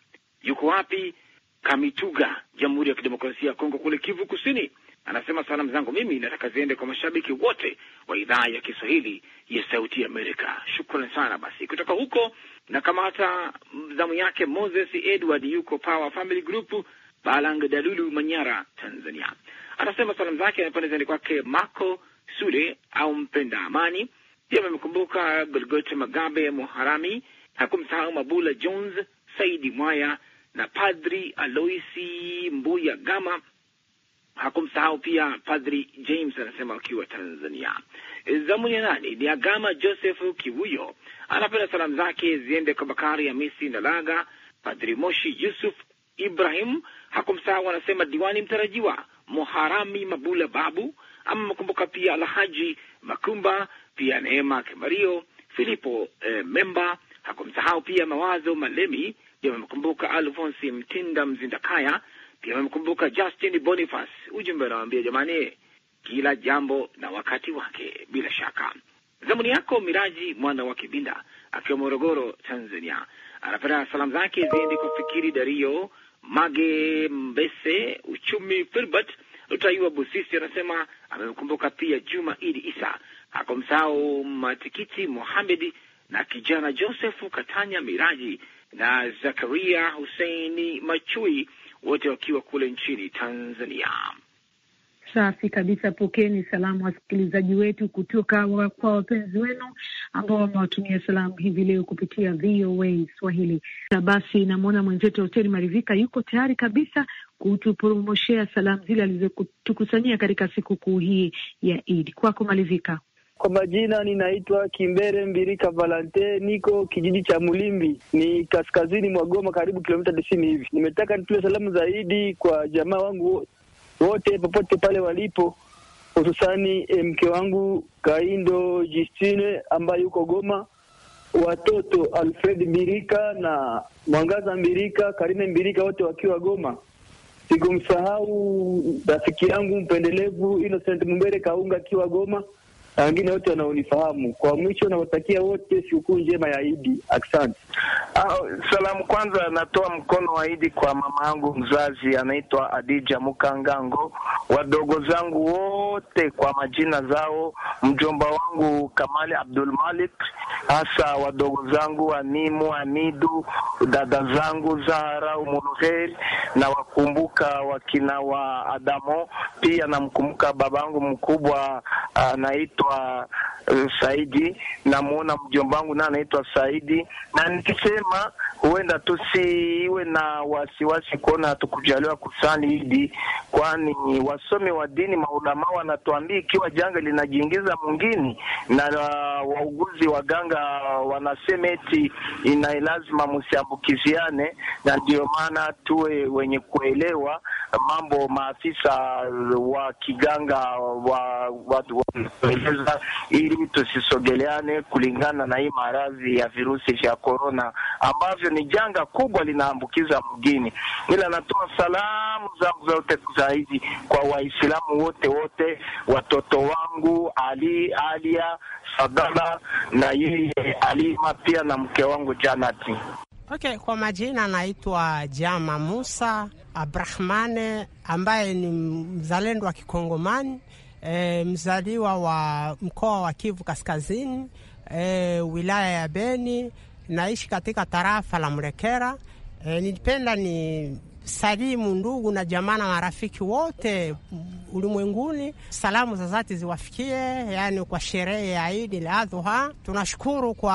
yuko wapi? Kamituga, Jamhuri ya Kidemokrasia ya Kongo kule Kivu Kusini anasema salamu zangu mimi nataka ziende kwa mashabiki wote wa idhaa ya Kiswahili ya Sauti ya Amerika. shukrani sana. Basi kutoka huko na hata zamu yake Moses Edward, yuko Power Family Group Balang Dalulu, Manyara, Tanzania. Anasema salamu zake anapenda ziende kwake Marco Sule au mpenda amani, pia amemkumbuka Golgote Magabe muharami hakumsahau Mabula Jones, Saidi Mwaya na Padri Aloisi Mbuya Gama hakumsahau pia Padri James anasema akiwa Tanzania. Zamu ya nani ni Agama Joseph Kibuyo, anapenda salamu zake ziende kwa Bakari Hamisi na Laga, Padri Moshi Yusuf Ibrahim hakumsahau, anasema diwani mtarajiwa muharami Mabula Babu ama mkumbuka pia Alhaji Makumba pia Neema Kimario Filipo eh, Memba hakumsahau pia Mawazo Malemi, amemkumbuka Alfonsi Mtinda Mzindakaya pia amemkumbuka Justin Boniface. Ujumbe anawaambia jamani, kila jambo na wakati wake. Bila shaka zamuni yako Miraji mwana wa Kibinda akiwa Morogoro, Tanzania, anapenda salamu zake ziende kufikiri Dario Mage Mbese uchumi Filbert Utaiwa Busisi, anasema amemkumbuka pia Juma Idi Isa, hakumsahau Matikiti Mohamedi na kijana Josefu Katanya Miraji na Zakaria Huseini Machui wote wakiwa kule nchini Tanzania. Safi kabisa. Pokeni salamu wasikilizaji wetu kutoka wa, kwa wapenzi wenu ambao wamewatumia salamu hivi leo kupitia VOA Swahili. Na basi namwona mwenzetu Hoteli Marivika yuko tayari kabisa kutupromoshea salamu zile alizotukusanyia katika sikukuu hii ya Idi. Kwako Marivika. Kwa majina ninaitwa Kimbere Mbirika Valante, niko kijiji cha Mulimbi, ni kaskazini mwa Goma, karibu kilomita tisini hivi. Nimetaka nitue salamu zaidi kwa jamaa wangu wote popote pale walipo, hususani eh, mke wangu Kaindo Justine ambaye yuko Goma, watoto Alfred Mbirika na Mwangaza Mbirika, Karine Mbirika, wote wakiwa Goma. Sikumsahau rafiki yangu mpendelevu Innocent Mumbere Kaunga akiwa Goma na wengine wote wanaonifahamu. Kwa mwisho, nawatakia wote sikukuu njema ya Idi. Asante. Ah, salamu kwanza natoa mkono wa Idi kwa mama yangu mzazi, anaitwa Adija Mukangango, wadogo zangu wote kwa majina zao, mjomba wangu Kamali Abdul Malik, hasa wadogo zangu Animu Amidu, dada zangu Zahara Umuluheri, na wakumbuka wakina wa Adamo. Pia namkumbuka babangu mkubwa anaitwa naitwa uh, eh, Saidi, namwona mjomba wangu naye anaitwa Saidi, na nikisema huenda tusiwe na wasiwasi kuona hatukujaliwa kusali Idi, kwani wasomi wa dini maulama wanatuambia ikiwa janga linajiingiza mwingine, na uh, wauguzi waganga wanasema eti ina lazima msiambukiziane, na ndio maana tuwe wenye kuelewa mambo maafisa wa kiganga wa, wa, wa, wa kujitunza ili tusisogeleane kulingana na hii maradhi ya virusi vya korona ambavyo ni janga kubwa linaambukiza mgini. Ila natoa salamu zangu zote zaidi hizi kwa Waislamu wote wote, watoto wangu Ali, Alia, Sadala na yeye Alima pia na mke wangu Janati. Okay, kwa majina naitwa Jama Musa Abrahmane ambaye ni mzalendo wa Kikongomani e, mzaliwa wa mkoa wa Kivu Kaskazini, e, wilaya ya Beni. Naishi katika tarafa la Mrekera. E, eh, nilipenda ni salimu ndugu na jamaa na marafiki wote ulimwenguni. Salamu za zati ziwafikie, yani kwa sherehe ya Idi la Adhuha. Tunashukuru kwa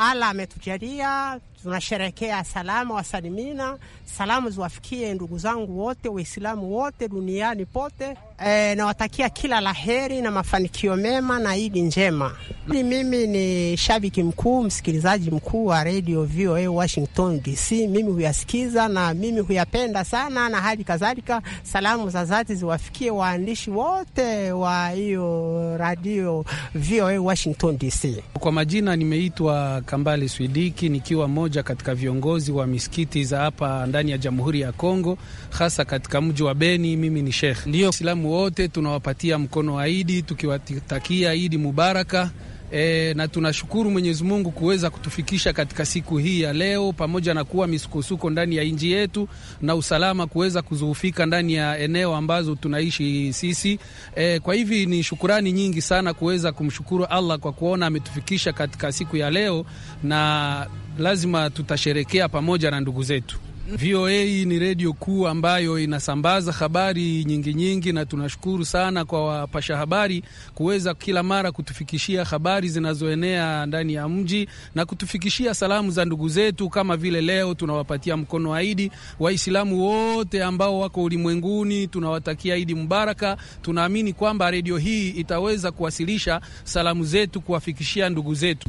ala ametujalia tunasherekea salama wasalimina, salamu ziwafikie ndugu zangu wote Waislamu wote duniani pote. E, nawatakia kila laheri na mafanikio mema na Idi njema. Mimi ni shabiki mkuu, msikilizaji mkuu wa redio VOA Washington DC. Mimi huyasikiza na mimi huyapenda sana, na hali kadhalika salamu za dhati ziwafikie waandishi wote wa hiyo Radio VOA Washington DC. Kwa majina nimeitwa Kambale Swidiki nikiwa moja mmoja katika viongozi wa misikiti za hapa ndani ya Jamhuri ya Kongo, hasa katika mji wa Beni. Mimi ni shekh. Ndio Waislamu wote tunawapatia mkono wa Idi tukiwatakia Idi mubaraka. E, na tunashukuru Mwenyezi Mungu kuweza kutufikisha katika siku hii ya leo, pamoja na kuwa misukosuko ndani ya nchi yetu na usalama kuweza kuzuhufika ndani ya eneo ambazo tunaishi sisi. E, kwa hivi ni shukurani nyingi sana kuweza kumshukuru Allah kwa kuona ametufikisha katika siku ya leo na lazima tutasherekea pamoja na ndugu zetu. VOA ni redio kuu ambayo inasambaza habari nyingi nyingi, na tunashukuru sana kwa wapasha habari kuweza kila mara kutufikishia habari zinazoenea ndani ya mji na kutufikishia salamu za ndugu zetu. Kama vile leo tunawapatia mkono aidi Waislamu wote ambao wako ulimwenguni tunawatakia Idi Mubaraka. Tunaamini kwamba redio hii itaweza kuwasilisha salamu zetu, kuwafikishia ndugu zetu.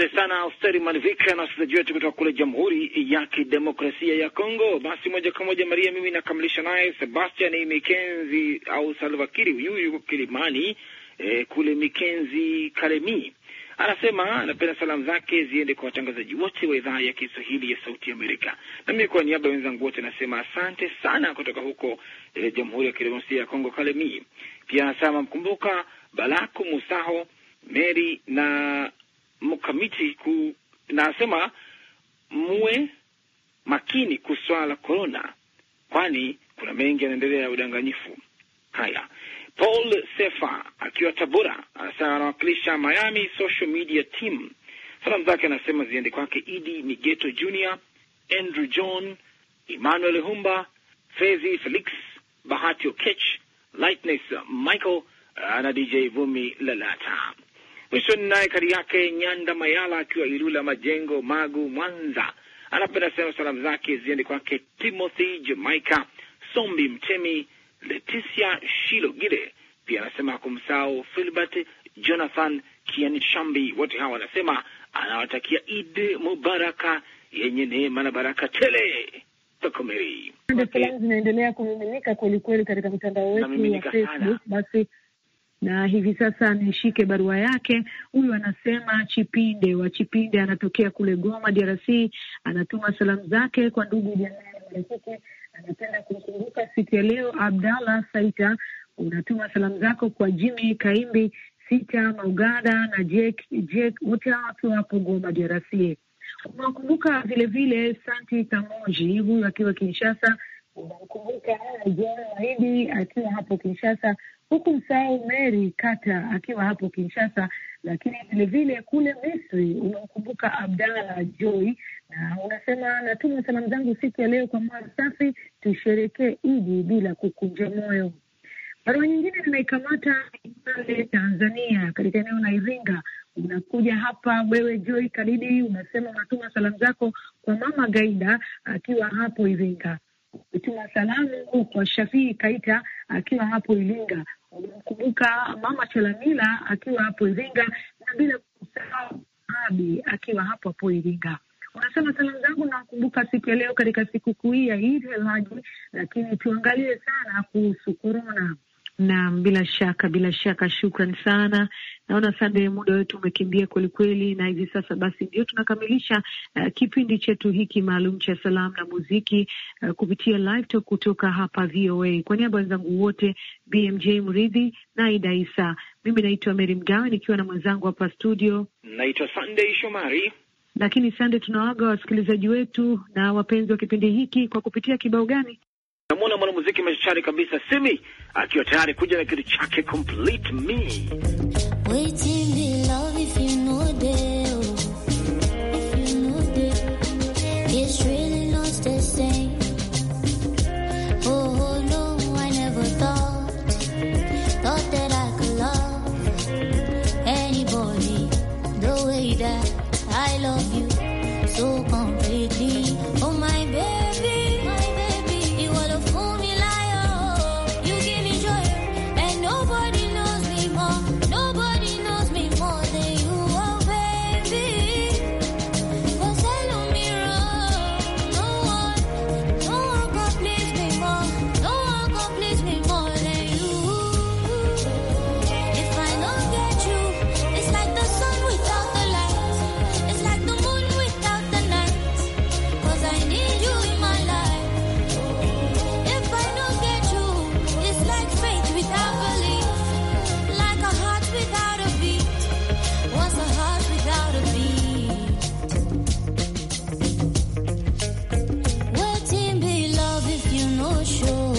Asante sana Austeri Malivika na wasikilizaji wetu kutoka kule Jamhuri ya Kidemokrasia ya Kongo. Basi moja kwa moja, Maria, mimi nakamilisha naye Sebastian Mikenzi au Salvakiri, huyu yuko Kilimani eh, kule Mikenzi Kalemi. Anasema anapenda salamu zake ziende kwa watangazaji wote wa idhaa ya Kiswahili ya Sauti Amerika, na mimi kwa niaba ya wenzangu wote nasema asante sana kutoka huko eh, Jamhuri ya Kidemokrasia ya Kongo, Kalemi. Pia anasema mkumbuka Balaku Musaho, meri na mkamiti ku, nasema muwe makini kuswala swala la korona, kwani kuna mengi yanaendelea ya udanganyifu. Haya, Paul Sefa akiwa Tabora anasema anawakilisha Miami social media team. Salamu zake anasema ziende kwake Idi Migeto Junior, Andrew John, Emmanuel Humba, Fezi Felix, Bahati Okech, Lightness Michael uh, na DJ Vumi Lalata. Mwishoni naye kari yake Nyanda Mayala akiwa Ilula Majengo, Magu, Mwanza, anapenda sema salamu zake ziende kwake Timothy Jamaica, Sombi Mtemi, Leticia Shilogile, pia anasema hakumsahau Filbert Jonathan Kianishambi. Wote hawa wanasema anawatakia id mubaraka yenye neema na baraka tele. Salamu zinaendelea kumiminika kwelikweli katika mtandao wetu wa Facebook, basi na hivi sasa nishike barua yake. Huyu anasema Chipinde wa Chipinde, anatokea kule Goma, DRC. Anatuma salamu zake kwa ndugu jamaa na marafiki, anapenda kumkumbuka siku ya leo. Abdallah Saita, unatuma salamu zako kwa Jimmy Kaimbi Sita Maugada na Jake, Jake wote hawa wakiwa hapo Goma, DRC. Unakumbuka vilevile Santi Kamoji, huyu akiwa Kinshasa unamkumbuka Joel akiwa hapo Kinshasa, huku msahau Mary Kata akiwa hapo Kinshasa, lakini vilevile kule Misri unamkumbuka Abdalla Joy na unasema natuma salamu zangu siku ya leo kwa mara safi, tusherekee Idi bila kukunja moyo. Barua nyingine nimeikamata pale Tanzania, katika eneo la Iringa. Unakuja hapa wewe Joy Kadidi, unasema unatuma salamu zako kwa mama Gaida akiwa hapo Iringa tuna salamu kwa Shafii Kaita akiwa hapo Iringa, unamkumbuka mama Chalamila akiwa hapo Iringa, na bila kusahau Abi akiwa hapo hapo Iringa. Unasema salamu zangu nawakumbuka siku ya leo katika sikukuu hii ya Idi el Haji, lakini tuangalie sana kuhusu korona. Naam, bila shaka, bila shaka, shukran sana. Naona sande muda wetu umekimbia kwelikweli, na hivi sasa basi ndio tunakamilisha uh, kipindi chetu hiki maalum cha salamu na muziki uh, kupitia live talk kutoka hapa VOA. Kwa niaba wenzangu wote BMJ Mridhi na Ida Isa, mimi naitwa Meri Mgawe nikiwa na mwenzangu hapa studio, naitwa sandey Shomari. Lakini sande tunawaaga wasikilizaji wetu na wapenzi wa kipindi hiki kwa kupitia kibao gani? Namwona mwanamuziki mashari kabisa Simi akiwa tayari kuja na kitu chake complete me